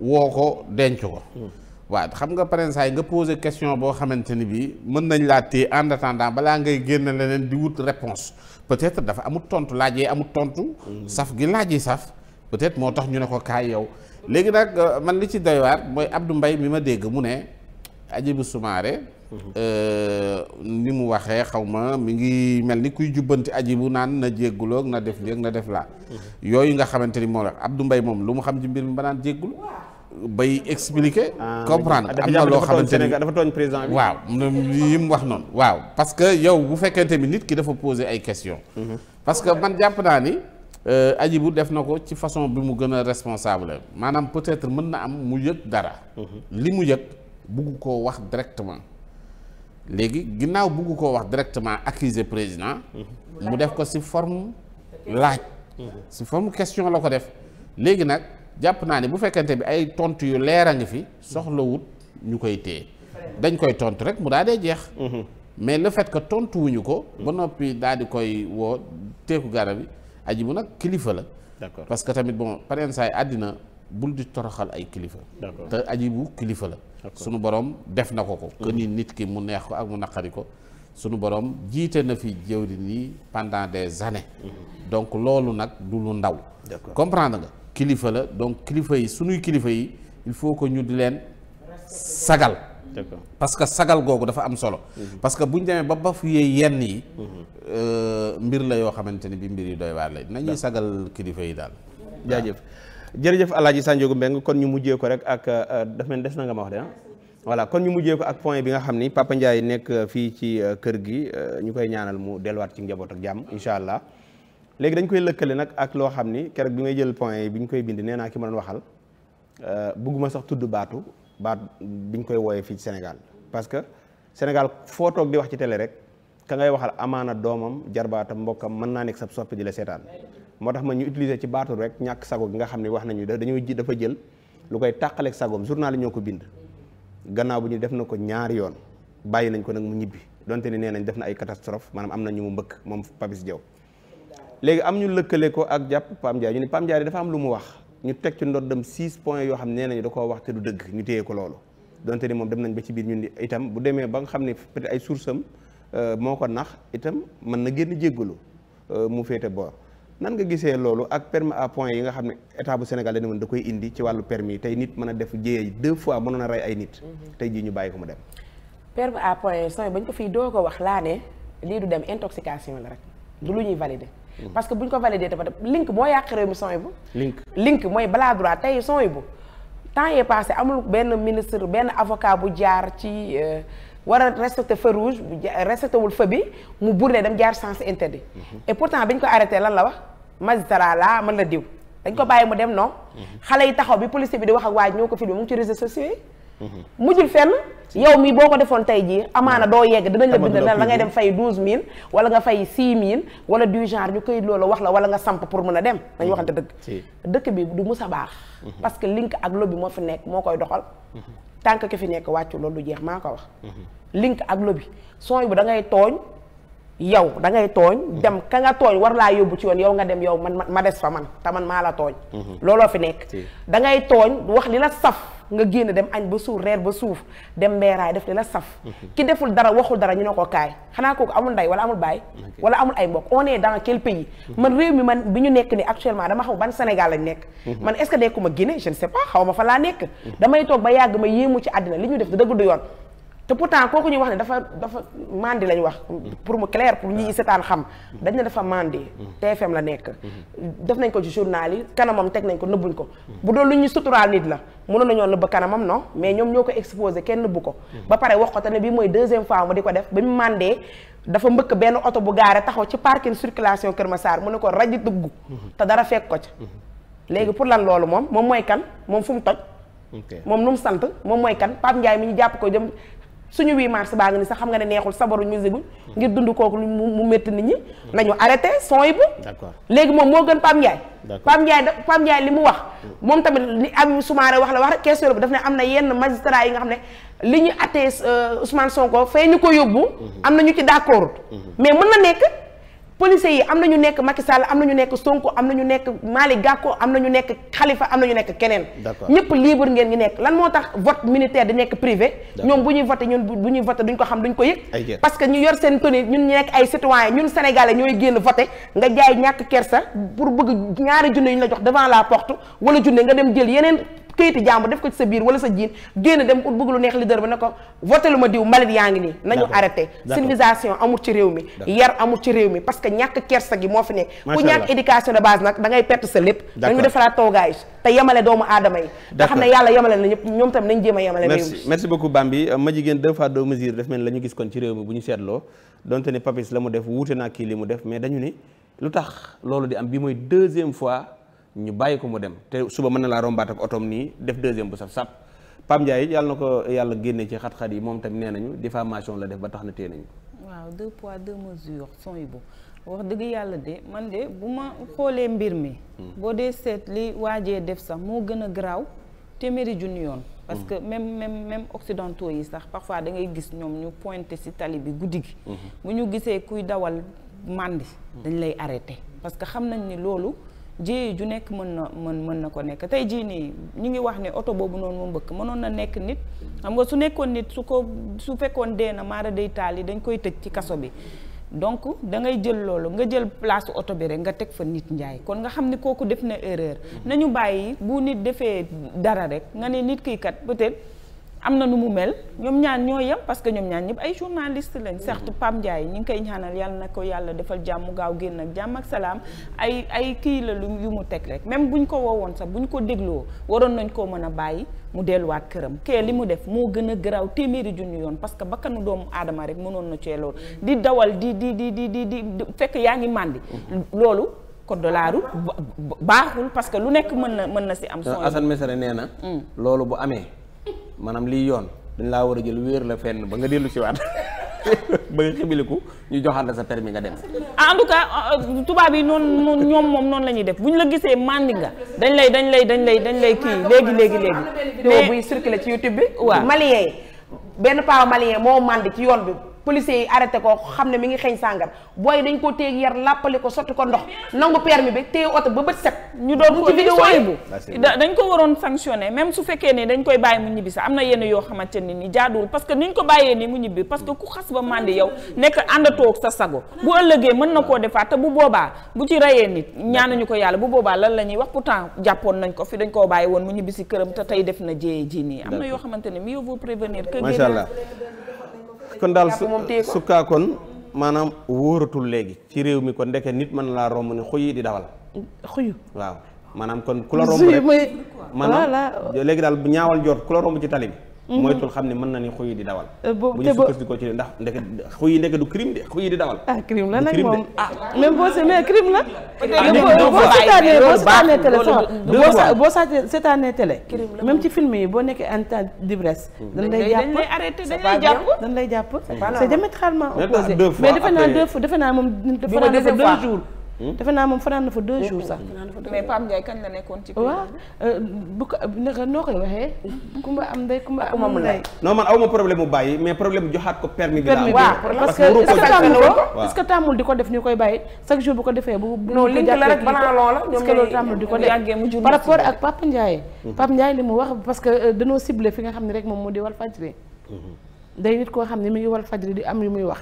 woo ko denc ko hmm. waaw xam nga par exemple nga posé question boo xamante ni bii mën nañ laa téye en attendant balaa ngay génn leneen di wut réponse peut-être dafa amut tontu laaj yee amut tontu hmm. saf gi laaj yi saf peut-être moo tax ñu ne ko kaay yow léegi nag euh, man li ci doy waar mooy Abdou mbay mi ma dégg mu ne Hadjibou Soumaré mhm. euh, ni mu waxee xaw ma mi ngi mel ni kuy jubbanti Hadjibou naan na jégguloog na def léeg na def laa mhm. yooyu nga xamante ni moo wax Abdou mbay moom lu mu xam ci mbir mi ba naan jéggul bay expliquer ah, comprendre am na loo xamante ni dafa tooñ président bi waaw yi mu wax noonu waaw parce que yow bu fekkente ni nit ki dafa poser ay questions mhm. parce que man jàpp naa ni Euh, ajibu def na ko ci façon bi mu gën a responsable maanaam peut-être mën na am mu yëg dara mhm. li mu yëg bugg koo wax directement léegi ginnaaw bugg koo wax directement accuser président mhm. mu def ko si form laaj si mhm. forme question la ko def léegi nag jàpp naa ne bu fekkente bi ay tontu yu leer a ngi fi soxlawut ñu koy téye dañ koy tontu rek mu daal dee jeex mais la fet que tontu wuñu ko ba noppi daal di koy woo teeku garab yi aji bu nag kilifa la. d'accord parce que tamit bon pareen saay àddina bul di toroxal ay kilifa. te aji bu kilifa la. sunu borom def na ko ko. que ni mm-hmm. nit ki mu neex ko ak mu naqari ko. sunu borom jiite na fi jëwriñ yi pendant des années. Mm-hmm. donc loolu nag du lu ndaw. comprendre nga kilifa la donc kilifa yi sunuy kilifa yi il faut que ñu di leen sagal. parce que sagal googu dafa am solo mhm. parce que bu ñu demee ba ba fuyee yenn yi mhm. euh, mbir la yoo xamante ni bi mbir yi doy waar lay nañuy sagal kilifa yi daal jaajëf jërëjëf Alaaji Sanjogu Mbeng kon ñu mujjee ko rek ak euh, dafa mel des na nga ma wax de ah. voilà kon ñu mujjee ko ak point bi nga xam ni Papa Ndiaye nekk euh, fii ci kër gi ñu koy ñaanal mu delluwaat ci njaboot ak jàmm incha allah léegi dañ koy lëkkale nag ak loo xam ni keroog bi ngay jël point yi bi ñu koy bind nee naa ki ma doon waxal bëgguma sax tudd baatu baat ñu koy wooyee fii ci Sénégal parce que Sénégal foo toog di wax ci télé rek ka ngay waxal amaana doomam jarbaatam mbokkam mën naa nekk sab soppi di la seetaan moo tax ma ñu utiliser ci baatul rek ñàkk sago gi nga xam ne wax nañu dañuy ji dafa jël lu koy tàqaleeg sagoom journal yi ñoo ko bind gannaaw bu ñu def na ko ñaari yoon bàyyi nañ ko nag mu ñibbi donte ni nee nañ def na ay catastrophe maanaam am na ñu mu mbëkk moom Papis Diaw léegi am ñu lëkkale ko ak jàpp Pam Ndiaye ñu ne dafa am lu mu wax ñu teg ci ndoddam six points yoo xam ne nañu da koo wax te du dëgg ñu téye ko loolu donte ni moom dem nañ ba ci biir ñun itam bu demee ba nga xam ne peut-être ay source am euh, na euh, nga gisee loolu ak permis à point yi nga xam ne état bu Sénégal dañu woon da koy indi ci wàllu permis tey nit mën a def jéyey deux fois mënoon a rey ay nit mm-hmm. tey jii ñu bàyyi ko mu dem permis à point sooy bañ ko fii doo ko wax laa ne lii du dem intoxication la rek du lu ñuy Mm-hmm. parce que bu ñu ko validé dafa def link moo yàq réew mi son bu link link mooy balaa droit tey son bu temps yee passé amul benn ministre benn avocat bu jaar ci euh, war a respecté feu rouge respecté wul feu bi mu burne dem jaar sens interdit mm-hmm. et pourtant biñ ko arrêté lan la wax magistrat laa man la diw dañ ko bàyyi mu dem non mm-hmm. xale yi taxaw bi policier bi di wax ak waaj ñoo ko filmé mu ngi ci réseaux sociaux mujjul fenn yow mi boo ko defoon tey jii amaana doo yegg dinañ la bindal la ngay dem fay douze mille wala nga fay six mille wala du genre ñu koy loola wax la wala nga samp pour mën a dem dañ mm-hmm. waxante dëgg dëkk bi du mus baax mm-hmm. parce que link ak lobby moo fi nekk moo koy doxal mm-hmm. tànk ki fi nekk wàccu loolu jeex maa ko wax link ak lobby sooy bu da ngay tooñ yow da ngay tooñ dem ka nga tooñ war laa yóbbu ci yoon yow nga dem yow man ma des fa man te man maa la tooñ looloo fi nekk da ngay tooñ wax li la saf nga génn dem añ ba suur reer ba suuf dem mbeeraay def li la saf ki deful dara waxul dara ñu ne ko kaay xanaa kooku amul ndey wala amul baay wala amul ay mbokk on est dans quel pays mhm. man réew mi man bi ñu nekk ni actuellement dama xaw ban Sénégal añ nekk mhm. man est-ce que nekkuma Guinée je ne sais xaw ma fa laa nekk mhm. damay toog ba yàgg ma yéemu ci addina li ñu def da dëgg du yoon te pourtant kooku ñu wax ne dafa dafa mandi lañ wax pour mu clair pour ñi seetaan xam dañ ne dafa mandi TFM mm-hmm. la nekk mm-hmm. def nañ ko ci journal yi kanamam teg nañ ko nëbbuñ ko bu doon lu ñu suturaal nit la mënoon nañoo nëbb kanamam no mais ñoom ñoo ko exposé kenn nëbbu ko mm-hmm. ba pare wax ko te ne bii mooy deuxième fois mu di ko def ba mu màndee dafa mbëkk benn oto bu gaar gaare taxaw ci parking circulation Kër Massar mu ne ko rajo dugg te dara fekk ko ca léegi pour lan loolu moom moom mooy kan moom fu mu toj moom nu mu sant moom mooy kan Pape Ndiaye mi jàpp ko dem suñu 8 mars baa nga ni sax xam nga ne neexul sabaru musique ngir dund kooku mu métti nit ñi nañu arrêté son yi bu léegi moom moo gën Pam Ndiaye Pam Ndiaye Pam Ndiaye li mu wax moom tamit li Abib Soumaré wax la wax rek question bi daf ne am na yenn magistrat yi nga xam ne li ñu attee euh, Ousmane Sonko fay ñu ko yóbbu mhm. am na ñu ci d'accord mhm. mais mën na nekk policiers yi am na ñu nekk Macky Sall am na ñu nekk Sonko am na ñu nekk Malick Gakou am na ñu nekk Khalifa am na ñu nekk keneen. ñëpp libre ngeen ngi nekk lan moo tax vote militaire di nekk privé. ñoom bu ñuy voté ñun bu ñu voté duñ ko xam duñ ko yëg. parce que ñu yor seen tenue ñun ñu nekk ay citoyen ñun sénégalais ñooy génn voté nga jaay ñàkk kersa pour bëgg ñaari junne ñu la jox devant la porte wala junne nga dem jël yeneen. këyiti jàmbur def ko ci sa biir wala sa jiin génn dem ut bëgg lu neex leader bi ne ko voté lu ma diw mbalit yaa ngi nii nañu arrêté civilisation amul ci réew mi yar amul ci réew mi parce que ñàkk kersa gi moo fi nekk ku ñàkk éducation de base nag da ngay sa lépp dañu defaraat toogaay te yemale doomu aadama yi nga xam yàlla yemale na ñëpp ñoom tam nañ jéem a yemale réew mi merci beaucoup Bambi euh, ma jigéen deux fois deux def mel la ñu gis kon ci réew mi bu ñu seetloo donte ne ñu bàyyi ko mu dem te suba mën na laa rombaat ak otoom nii def deuxième bu saf sàpp Pape Ndiaye yàlla na ko yàlla génne ci xat-xat yi moom tamit nee nañu diffamation la def ba tax na téye nañu. waaw deux poids deux mesures son yi bu wax dëgg yàlla de man de bu ma xoolee mbir mi. Hmm. boo dee seet li waajee def sax moo gën a garaaw téeméeri junni yoon. parce hmm. que même même même occidentaux yi sax parfois da ngay gis ñoom ñu pointé si tali bi guddi gi. Hmm. bu ñu gisee kuy dawal màndi. dañ ji ju nekk mën na mën mën na ko nekk tey jii nii ñu ngi wax ne oto boobu noonu moom mbëkk mënoon na nekk nit xam nga su nekkoon nit su ko su fekkoon dee na maara day taal yi dañ koy tëj ci kaso bi donc da ngay jël loolu nga jël place oto bi rek nga teg fa nit njaay kon nga xam ni kooku def na erreur mm-hmm. nañu bàyyi bu nit defee dara rek nga ne nit kii kat peut am na nu mu mel ñoom ñaan ñoo yem parce que ñoom ñaan ñëpp ay journaliste lañ certes Pam Ndiaye ñu ngi koy ñaanal yàlla na ko yàlla defal jàmm gaaw génn ak jàmm ak salaam ay ay kii la lu yu mu teg rek même buñ ko woowoon sax buñ ko dégloo waroon nañ koo mën a bàyyi mu delluwaat këram kee li mu def moo gën a garaaw téeméeri junni yoon parce que bakkanu doomu aadama mënoon na cee di dawal di di di di di di fekk yaa ngi màndi loolu code de la route baaxul parce que lu nekk mën na mën na si am son Assane nee na hmm. loolu bu amee maanaam liy yoon dañ laa war a jël wéer la fenn ba nga dellu si waat [laughs] ba nga xibiliku ñu joxaat la sa permis nga dem. Ah, en tout cas euh, euh, tubaab yi noonu ñoom moom noonu la ñuy def bu ñu la gisee mandi nga dañ lay dañ lay dañ lay dañ lay kii léegi léegi léegi. mais vidéo buy circulé ci YouTube bi. waa malien benn paa malien moo mandi ci yoon bi. policiers yi arrêté ko xam ne mi ngi xeeñ sàngara booy dañ ko téye yar làppali ko sotti ko ndox nangu permis bi téye oto ba bët set ñu doon ko waroon sanctionné même su fekkee ne dañ koy bàyyi mu ñibbi am na yenn yoo xamante ne ni jaaduwul parce que ko bàyyee ni mu ñibbi parce que ku xas ba màndi yow nekk àndatoog sa sago bu ëllëgee mën na koo defaat te bu boobaa bu ci rayee nit ñaanuñu ko yàlla bu boobaa lan la ñuy wax pourtant jàppoon nañ ko fi dañ koo bàyyi woon mu ñibbi si këram te tey def na jéyee ji nii am na yoo xamante ne mieux vaut prévenir que macha allah kon daal sukkaa kon maanaam wóoratul léegi ci réew mi kon ndeke nit mën laa romb ni xuy di dawal xuyu waaw maanaam kon ku la romb rek maanaam léegi daal bu ñaawal jot ku la romb ci tali bi Mhm. moytul xam ne mën na ni xuy di dawal euh, bu ñu sukkandikoo ci ndax ndeke du crime de xuy di dawal ah crime la nag moom ah boo se mais crime la boo seetaanee boo sax boo sa seetaanee télé même ci film yi boo nekkee en temps d'ivresse hmm. dañ lay jàpp dañ lay jàpp c'est diamétralement mais defe naa defe naa moom defe naa deux jours defe naa moom fanaan na fa deux jours sax. mais Pape Ndiaye kañ la nekkoon ci. waaw euh, bu ko noo koy waxee. kumba am ndey kumba ah, amul ndey. non man ma problème mu bàyyi mais problème joxaat ko permis bi. permis bi parce que est-ce que tàmmul ko def ni koy bàyyi chaque jour bu ko defee bu. bu ñu ko rek balaa loola. est par rapport ak Pape Ndiaye. Mhm. Pape Ndiaye li mu wax parce que euh, danoo ciblé fi nga xam ne rek moom moo di Walfadjri mhm. day nit koo xam ne mi ngi Walfadjri di am yu muy wax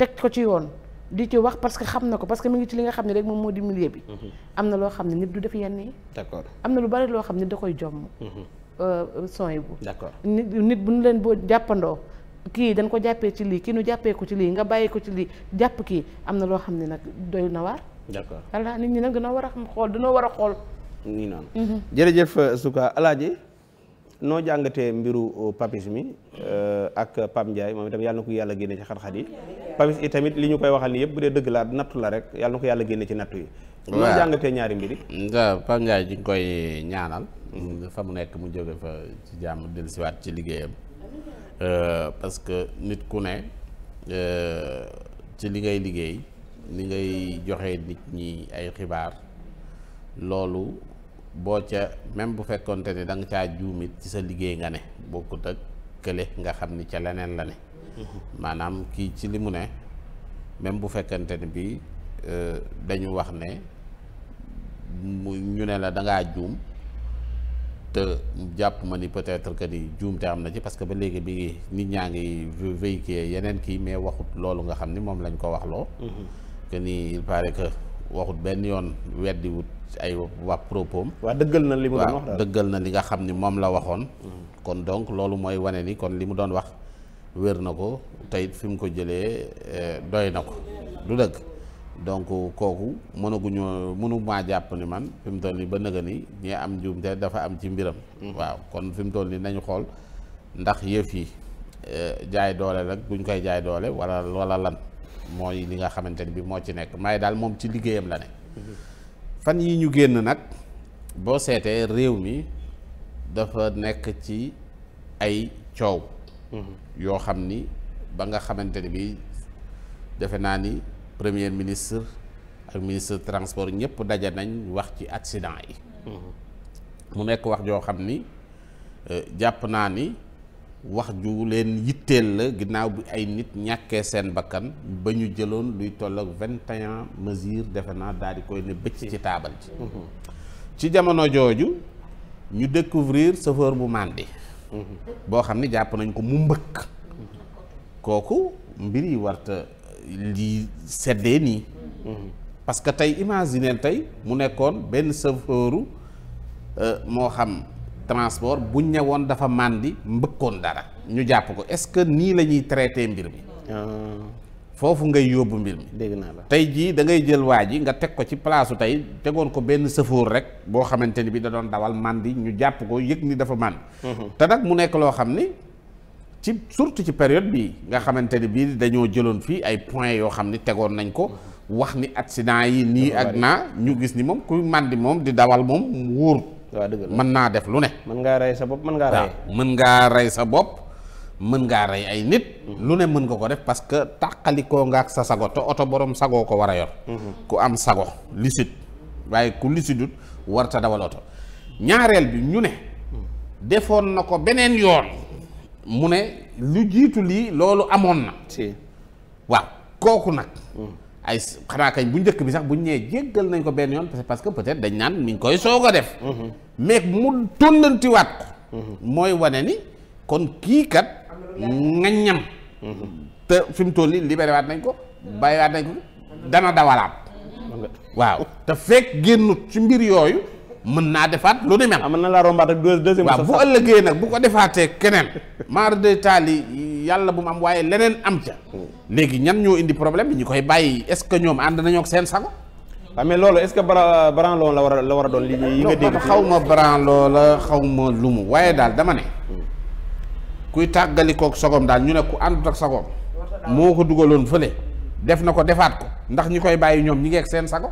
teg ko ci yoon di ci wax parce que xam na ko parce que ngi ci li nga xam ne rek moom moo di milieu bi. Mhm. am na loo xam nit du def yenn yi. d'accord am na lu bari loo xam ne da koy jomm. Mhm. Euh, son yi bu. d'accord nit bu ñu leen boo jàppandoo. kii dañ ko jàppee ci lii kii nu jàppee ko ci lii nga bàyyi ko ci lii jàpp kii am na loo xam ne nag doy na waar. d'accord nit ñi nag gën a war a xam xool dañoo war a xool. nii noonu. Mhm. jërëjëf euh, Souka Alaaji noo jàngatee mbiru euh, papis mi euh, ak Pam Ndiaye moom itam yàlla na ko yàlla génne ci xat-xat yi papis i tamit li ñu koy waxal ni yëpp bu dee dëgg laa nattu la rek yàlla na ko yàlla génne ci nattu yi noo jàngatee ñaari mbiri Pam Ndiaye ji nga koy ñaanal fa mu nekk mu jóge fa ci jàmm dellusiwaat ci liggéeyam euh, parce que nit ku ne ci li ngay liggéey li ngay joxe nit ñi ay xibaar loolu boo ca même bu fekkonte ne danga caa juumit ci sa liggéey nga ne bokkut ak kële nga xam ni ca leneen la ne maanaam kii ci li mu ne même bu fekkante ne bi euh, dañu wax ne mu ñu ne la dangaa juum te jàpp ma ni peut-être que ni te am na ci parce que ba léegi bi ngi nit ñaa ngi véhiculer yeneen kii mais waxut loolu nga xam ni moom lañ ko wax mm-hmm. que ni il paraît que waxut benn yoon weddiwut ay waa propos waa dëggal na li mu doon na li nga xam ni moom la waxoon. Mm-hmm. kon donc loolu mooy wane ni kon li mu doon wax wér na ko tey fi mu ko jëlee eh, doy na ko du dëgg donc kooku mënaguñoo mënu maa jàpp ni man fi mu toll nii ba nëga ni ñi am njuumte dafa am ci mbiram. Mm-hmm. waaw kon fi mu toll nii nañu xool ndax yëf yi eh, jaay doole rek buñ koy jaay doole wala wala lan. mooy li nga xamante ni bi moo ci nekk may daal moom ci liggéeyam la ne fan yi ñu génn nag boo seetee réew mi dafa nekk ci ay coow yoo xam ni ba nga xamante ni bi defe naa ni premier ministre ak ministre transport ñëpp daje nañ wax ci accident yi mm-hmm. mu nekk wax joo xam ni euh, jàpp naa ni wax ju leen yitteel la ginnaaw bi ay nit ñàkkee seen bakkan ba ñu jëloon luy toll ak vingt et un defe naa daal di koy ne bëcc ci taabal ji ci jamono jooju ñu découvrir chauffeur bu màndi boo xam ne jàpp nañ ko mu mbëkk kooku mbir yi warta li seddee nii parce que tey imaginer tey mu nekkoon benn chauffeuru euh, moo xam transport bu ne woon dafa màndi mbëkkoon dara ñu jàpp ko est-ce que nii la ñuy traité mbir mi ah. foofu ngay yóbbu mbir mi dégg tey jii da ngay jël waa ji nga teg ko ci palaasu tey tegoon ko benn sëfoor rek boo xamante ni bi da doon dawal màndi ñu jàpp ko yëg ni dafa màndi mm-hmm. te mu nekk loo xam ni ci surtout ci période bi nga xamante ni bii dañoo jëloon fii ay points yoo xam ni tegoon nañ ko wax ni accident yi nii ak naa ñu gis ni moom kuy màndi moom di dawal moom wóor waaw dëgg mën naa def lu ne. mën ngaa rey sa bopp mën ngaa rey. mën ngaa rey sa bopp mën ngaa rey ay nit. lu ne mën nga ko def parce que tàqalikoo nga ak sa sago te oto boroom sagoo ko war a yor. Mhm. ku am sago licite waaye ku licidut warta dawal oto ñaareel bi ñu ne. defoon na ko beneen yoon. mu ne lu jiitu lii loolu amoon na. si waaw kooku nag. ay xanaa kañ bu njëkk bi sax bu ñu nee jéggal nañ ko benn yoon parce que peut-être dañ naan mi ngi koy soo a def. Mm-hmm. mais mu tollantiwaat ko. Mm-hmm. mooy wane ni kon kii kat. nga ñam. Mm-hmm. te fi mu toll nii libéré nañ ko bàyyiwaat nañ ko dana dawalaat. waaw te fekk génnut ci mbir yooyu. mën naa defaat lu ni mel. Ah, mën na laa rombaat ak deuxième. waaw bu ëllëgee nag bu ko defaatee keneen. maar de taali yàlla bu mu am waaye leneen am ca. Hmm. léegi ñan ñoo indi problème bi ñu koy bàyyi est-ce que ñoom ànd nañoo ak seen sago. waaw ah, mais loolu est-ce que branlon la war a la war a yi nga dégg xaw ma branlon la xaw ma lu mu waaye daal dama ne. Hmm. kuy tàggalikook sagom daal ñu ne ku àndut ak moo ko dugaloon fële def na ko defaat ko ndax ñu koy bàyyi ñoom ñi ngeeg seen sago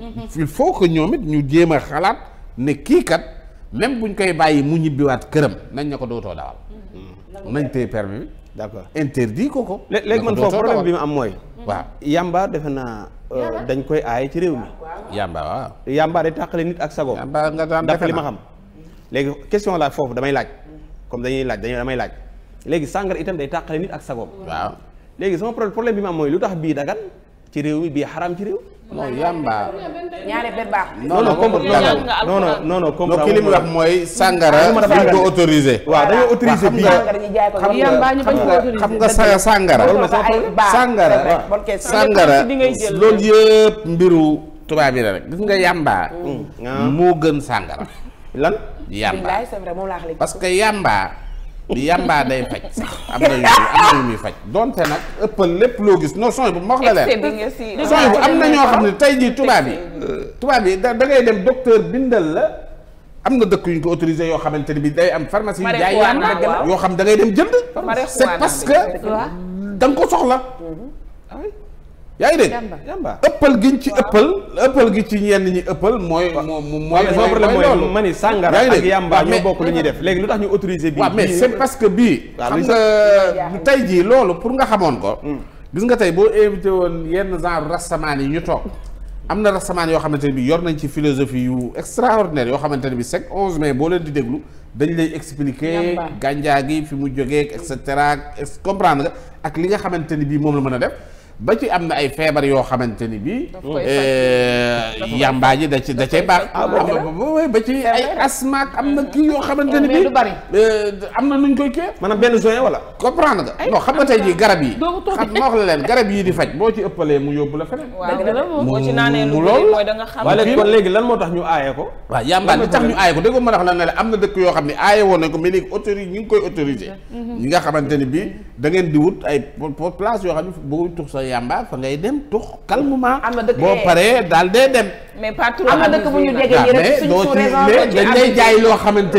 hmm. il faut que ñoom it ñu jéem a xalaat ne kii kat même buñ koy bàyyi mu ñibbiwaat këram nañ na ko dootoo dawal. Mm. nañ téye permis bi. d'accord interdit ko ko. léegi man foofu problème bi mu am mooy. waaw yamba defe naa euh, dañ koy aaye ci réew mi. yamba waaw. yamba day tàqale nit ak sago. yamba nga daan defe li ma xam. léegi question la foofu damay laaj. comme dañuy laaj dañuy damay laaj. léegi sàngara itam day tàqale nit ak sagoom. waaw léegi sama problème bi mooy lu tax bii dagan ci réew mi bii xaraam ci réew. non yamba. ñaare ba baax. non non non non non non ki li mu wax mooy. sàngara ah, dañ ko autorisé. waaw dañoo autorisé bii xam nga xam nga sàngara. sàngara sàngara loolu yëpp mbiru tubaab yi la rek gis nga yamba. Mm. moo gën sàngara. lan yamba parce que yamba. yàmbaa day faj sax am na yu am na muy faj donte nag ëppal lépp loo gis non sooy bu ma wax la leen sooy bu am na ñoo xam ne tey jii tubaab yi euh, tubaab yi da ngay dem docteur bindal la am na dëkk yu ñu ko autorisé yoo xamante ne bi day am pharmacie yi jaay yoo xam da ngay dem jënd c'est parce que da nga ko soxla mhm. ah yaa ngi dégg ëppal giñ ci ëppal ëppal gi ci ñenn ñi ëppal mooy moom mooy moom mooy ma ni sàngara ak yàmba ñoo bokk lu ñuy def léegi lu tax ñu autorisé bii mais c'est que bii xam nga tey jii loolu pour nga xamoon ko hmm. gis nga tey boo invité woon yenn genre rastamaan yi ñu toog am na rastamaan yoo xamante ne bi yor nañ ci philosophie yu extraordinaire yoo xamante ne bi chaque onze mai boo leen déglu dañ lay expliquer gànjaa gi fi mu jógee et cetera comprendre ak li nga xamante ni bii moom la mën a def ba ci am na ay feebar yoo xamante ni bii. Eh, yàmbaa ji da ci da cay baax. Ah, ba ci ay asma am na kii yoo xamante ni bii. Eh, am na nuñ koy kii. a benn joint wala. comprendre nga xam nga tey jii garab yi. xam nga wax la leen garab yi di faj boo ci ëppalee mu yóbbu la feneen. mu mu loolu waaye kon léegi lan moo tax ñu aaye ko. waaw yàmbaa li tax ñu aaye ko dégg nga a wax lan la am na dëkk yoo xam ne aaye woon nañ ko mais léegi ñu ngi koy autorisé. Mhm. ñi nga xamante ni bii da ngeen di wut ay place yoo xam ne bëgguñ tux sa yàmba fa ngay dem tux calmement. am na dëkk boo eh. paree daal dee dem. mais pas mais dañ lay jaay loo xamante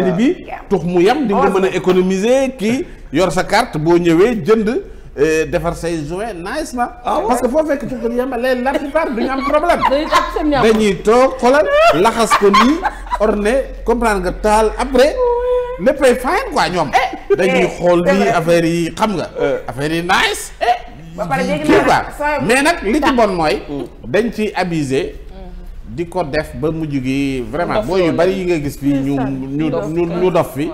tux mu yam di nga mën a économiser kii yor sa carte boo ñëwee jënd. Eh, defar say joint nice na ah parce que foo fekk tukkat yamba lay la plupart du ñu am problème dañuy toog xoolal laxas ko nii orné comprendre nga taal après léppay fine quoi ñoom eh, dañuy yi nice ba pare dégg mais nag li ci bon mooy. Mm. dañ ci abusé. Mm-hmm. di ko def ba mujj gi vraiment boo yu bari yi nga gis fii ñu ñu ñu dof fi.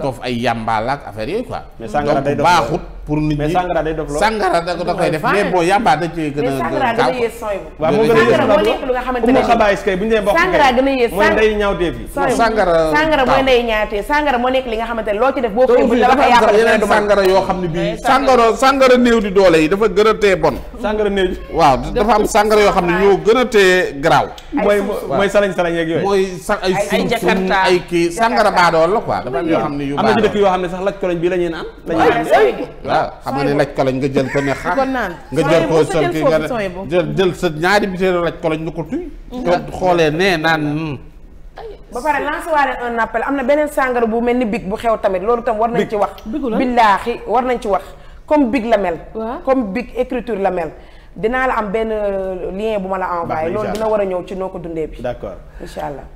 toof mm. ay yàmbaal ak affaire yooyu quoi. mais sàngara day dof baaxut. pour nit ñi mais sangara day def loolu sangara da koy def mais bon yàmbaa da ci gën a. sangara gën a yées sooy bu. waaw moo gën a yées sangara moo nekk lu nga xamante ne nii xabaayis kay bu ñu nee bokk sangara gën a yées mooy ndey ñaawteef yi. sangara euh, sangara mooy ndey ñaawteef sangara moo nekk li nga xamante ne loo ci def boo ko bu la waxee yàpp yeneen sangara yoo xam ne bii sangara sangara néew di doole yi dafa gën a tee bon sangara néew waaw dafa am sangara yoo xam ne ñoo gën a tee garaaw mooy mooy salañ salañ yeeg yooyu mooy sa ay sun ay kii sangara baadoo la quoi dafa am yoo xam ne yu am na ci dëkk yoo xam ne sax laj koloñ bi la ñuy naan ah xam nga ne laj koloñ nga jël ko ne xaar nga jël ko sol ki nga jël sa ñaari bitéelu laj koloñ lu ko tuy mm-hmm. to xoolee nee naan ba pare lancé waale un am na beneen sàngara bu mel ni big bu xew tamit loolu tam war nañ ci wax billaahi war nañ ci wax comme big la mel comme big écriture la mel dinaa la am benn euh, lien bu ma la envoyé loolu dina war a ñëw ci noo ko dundee bi d'accord incha allah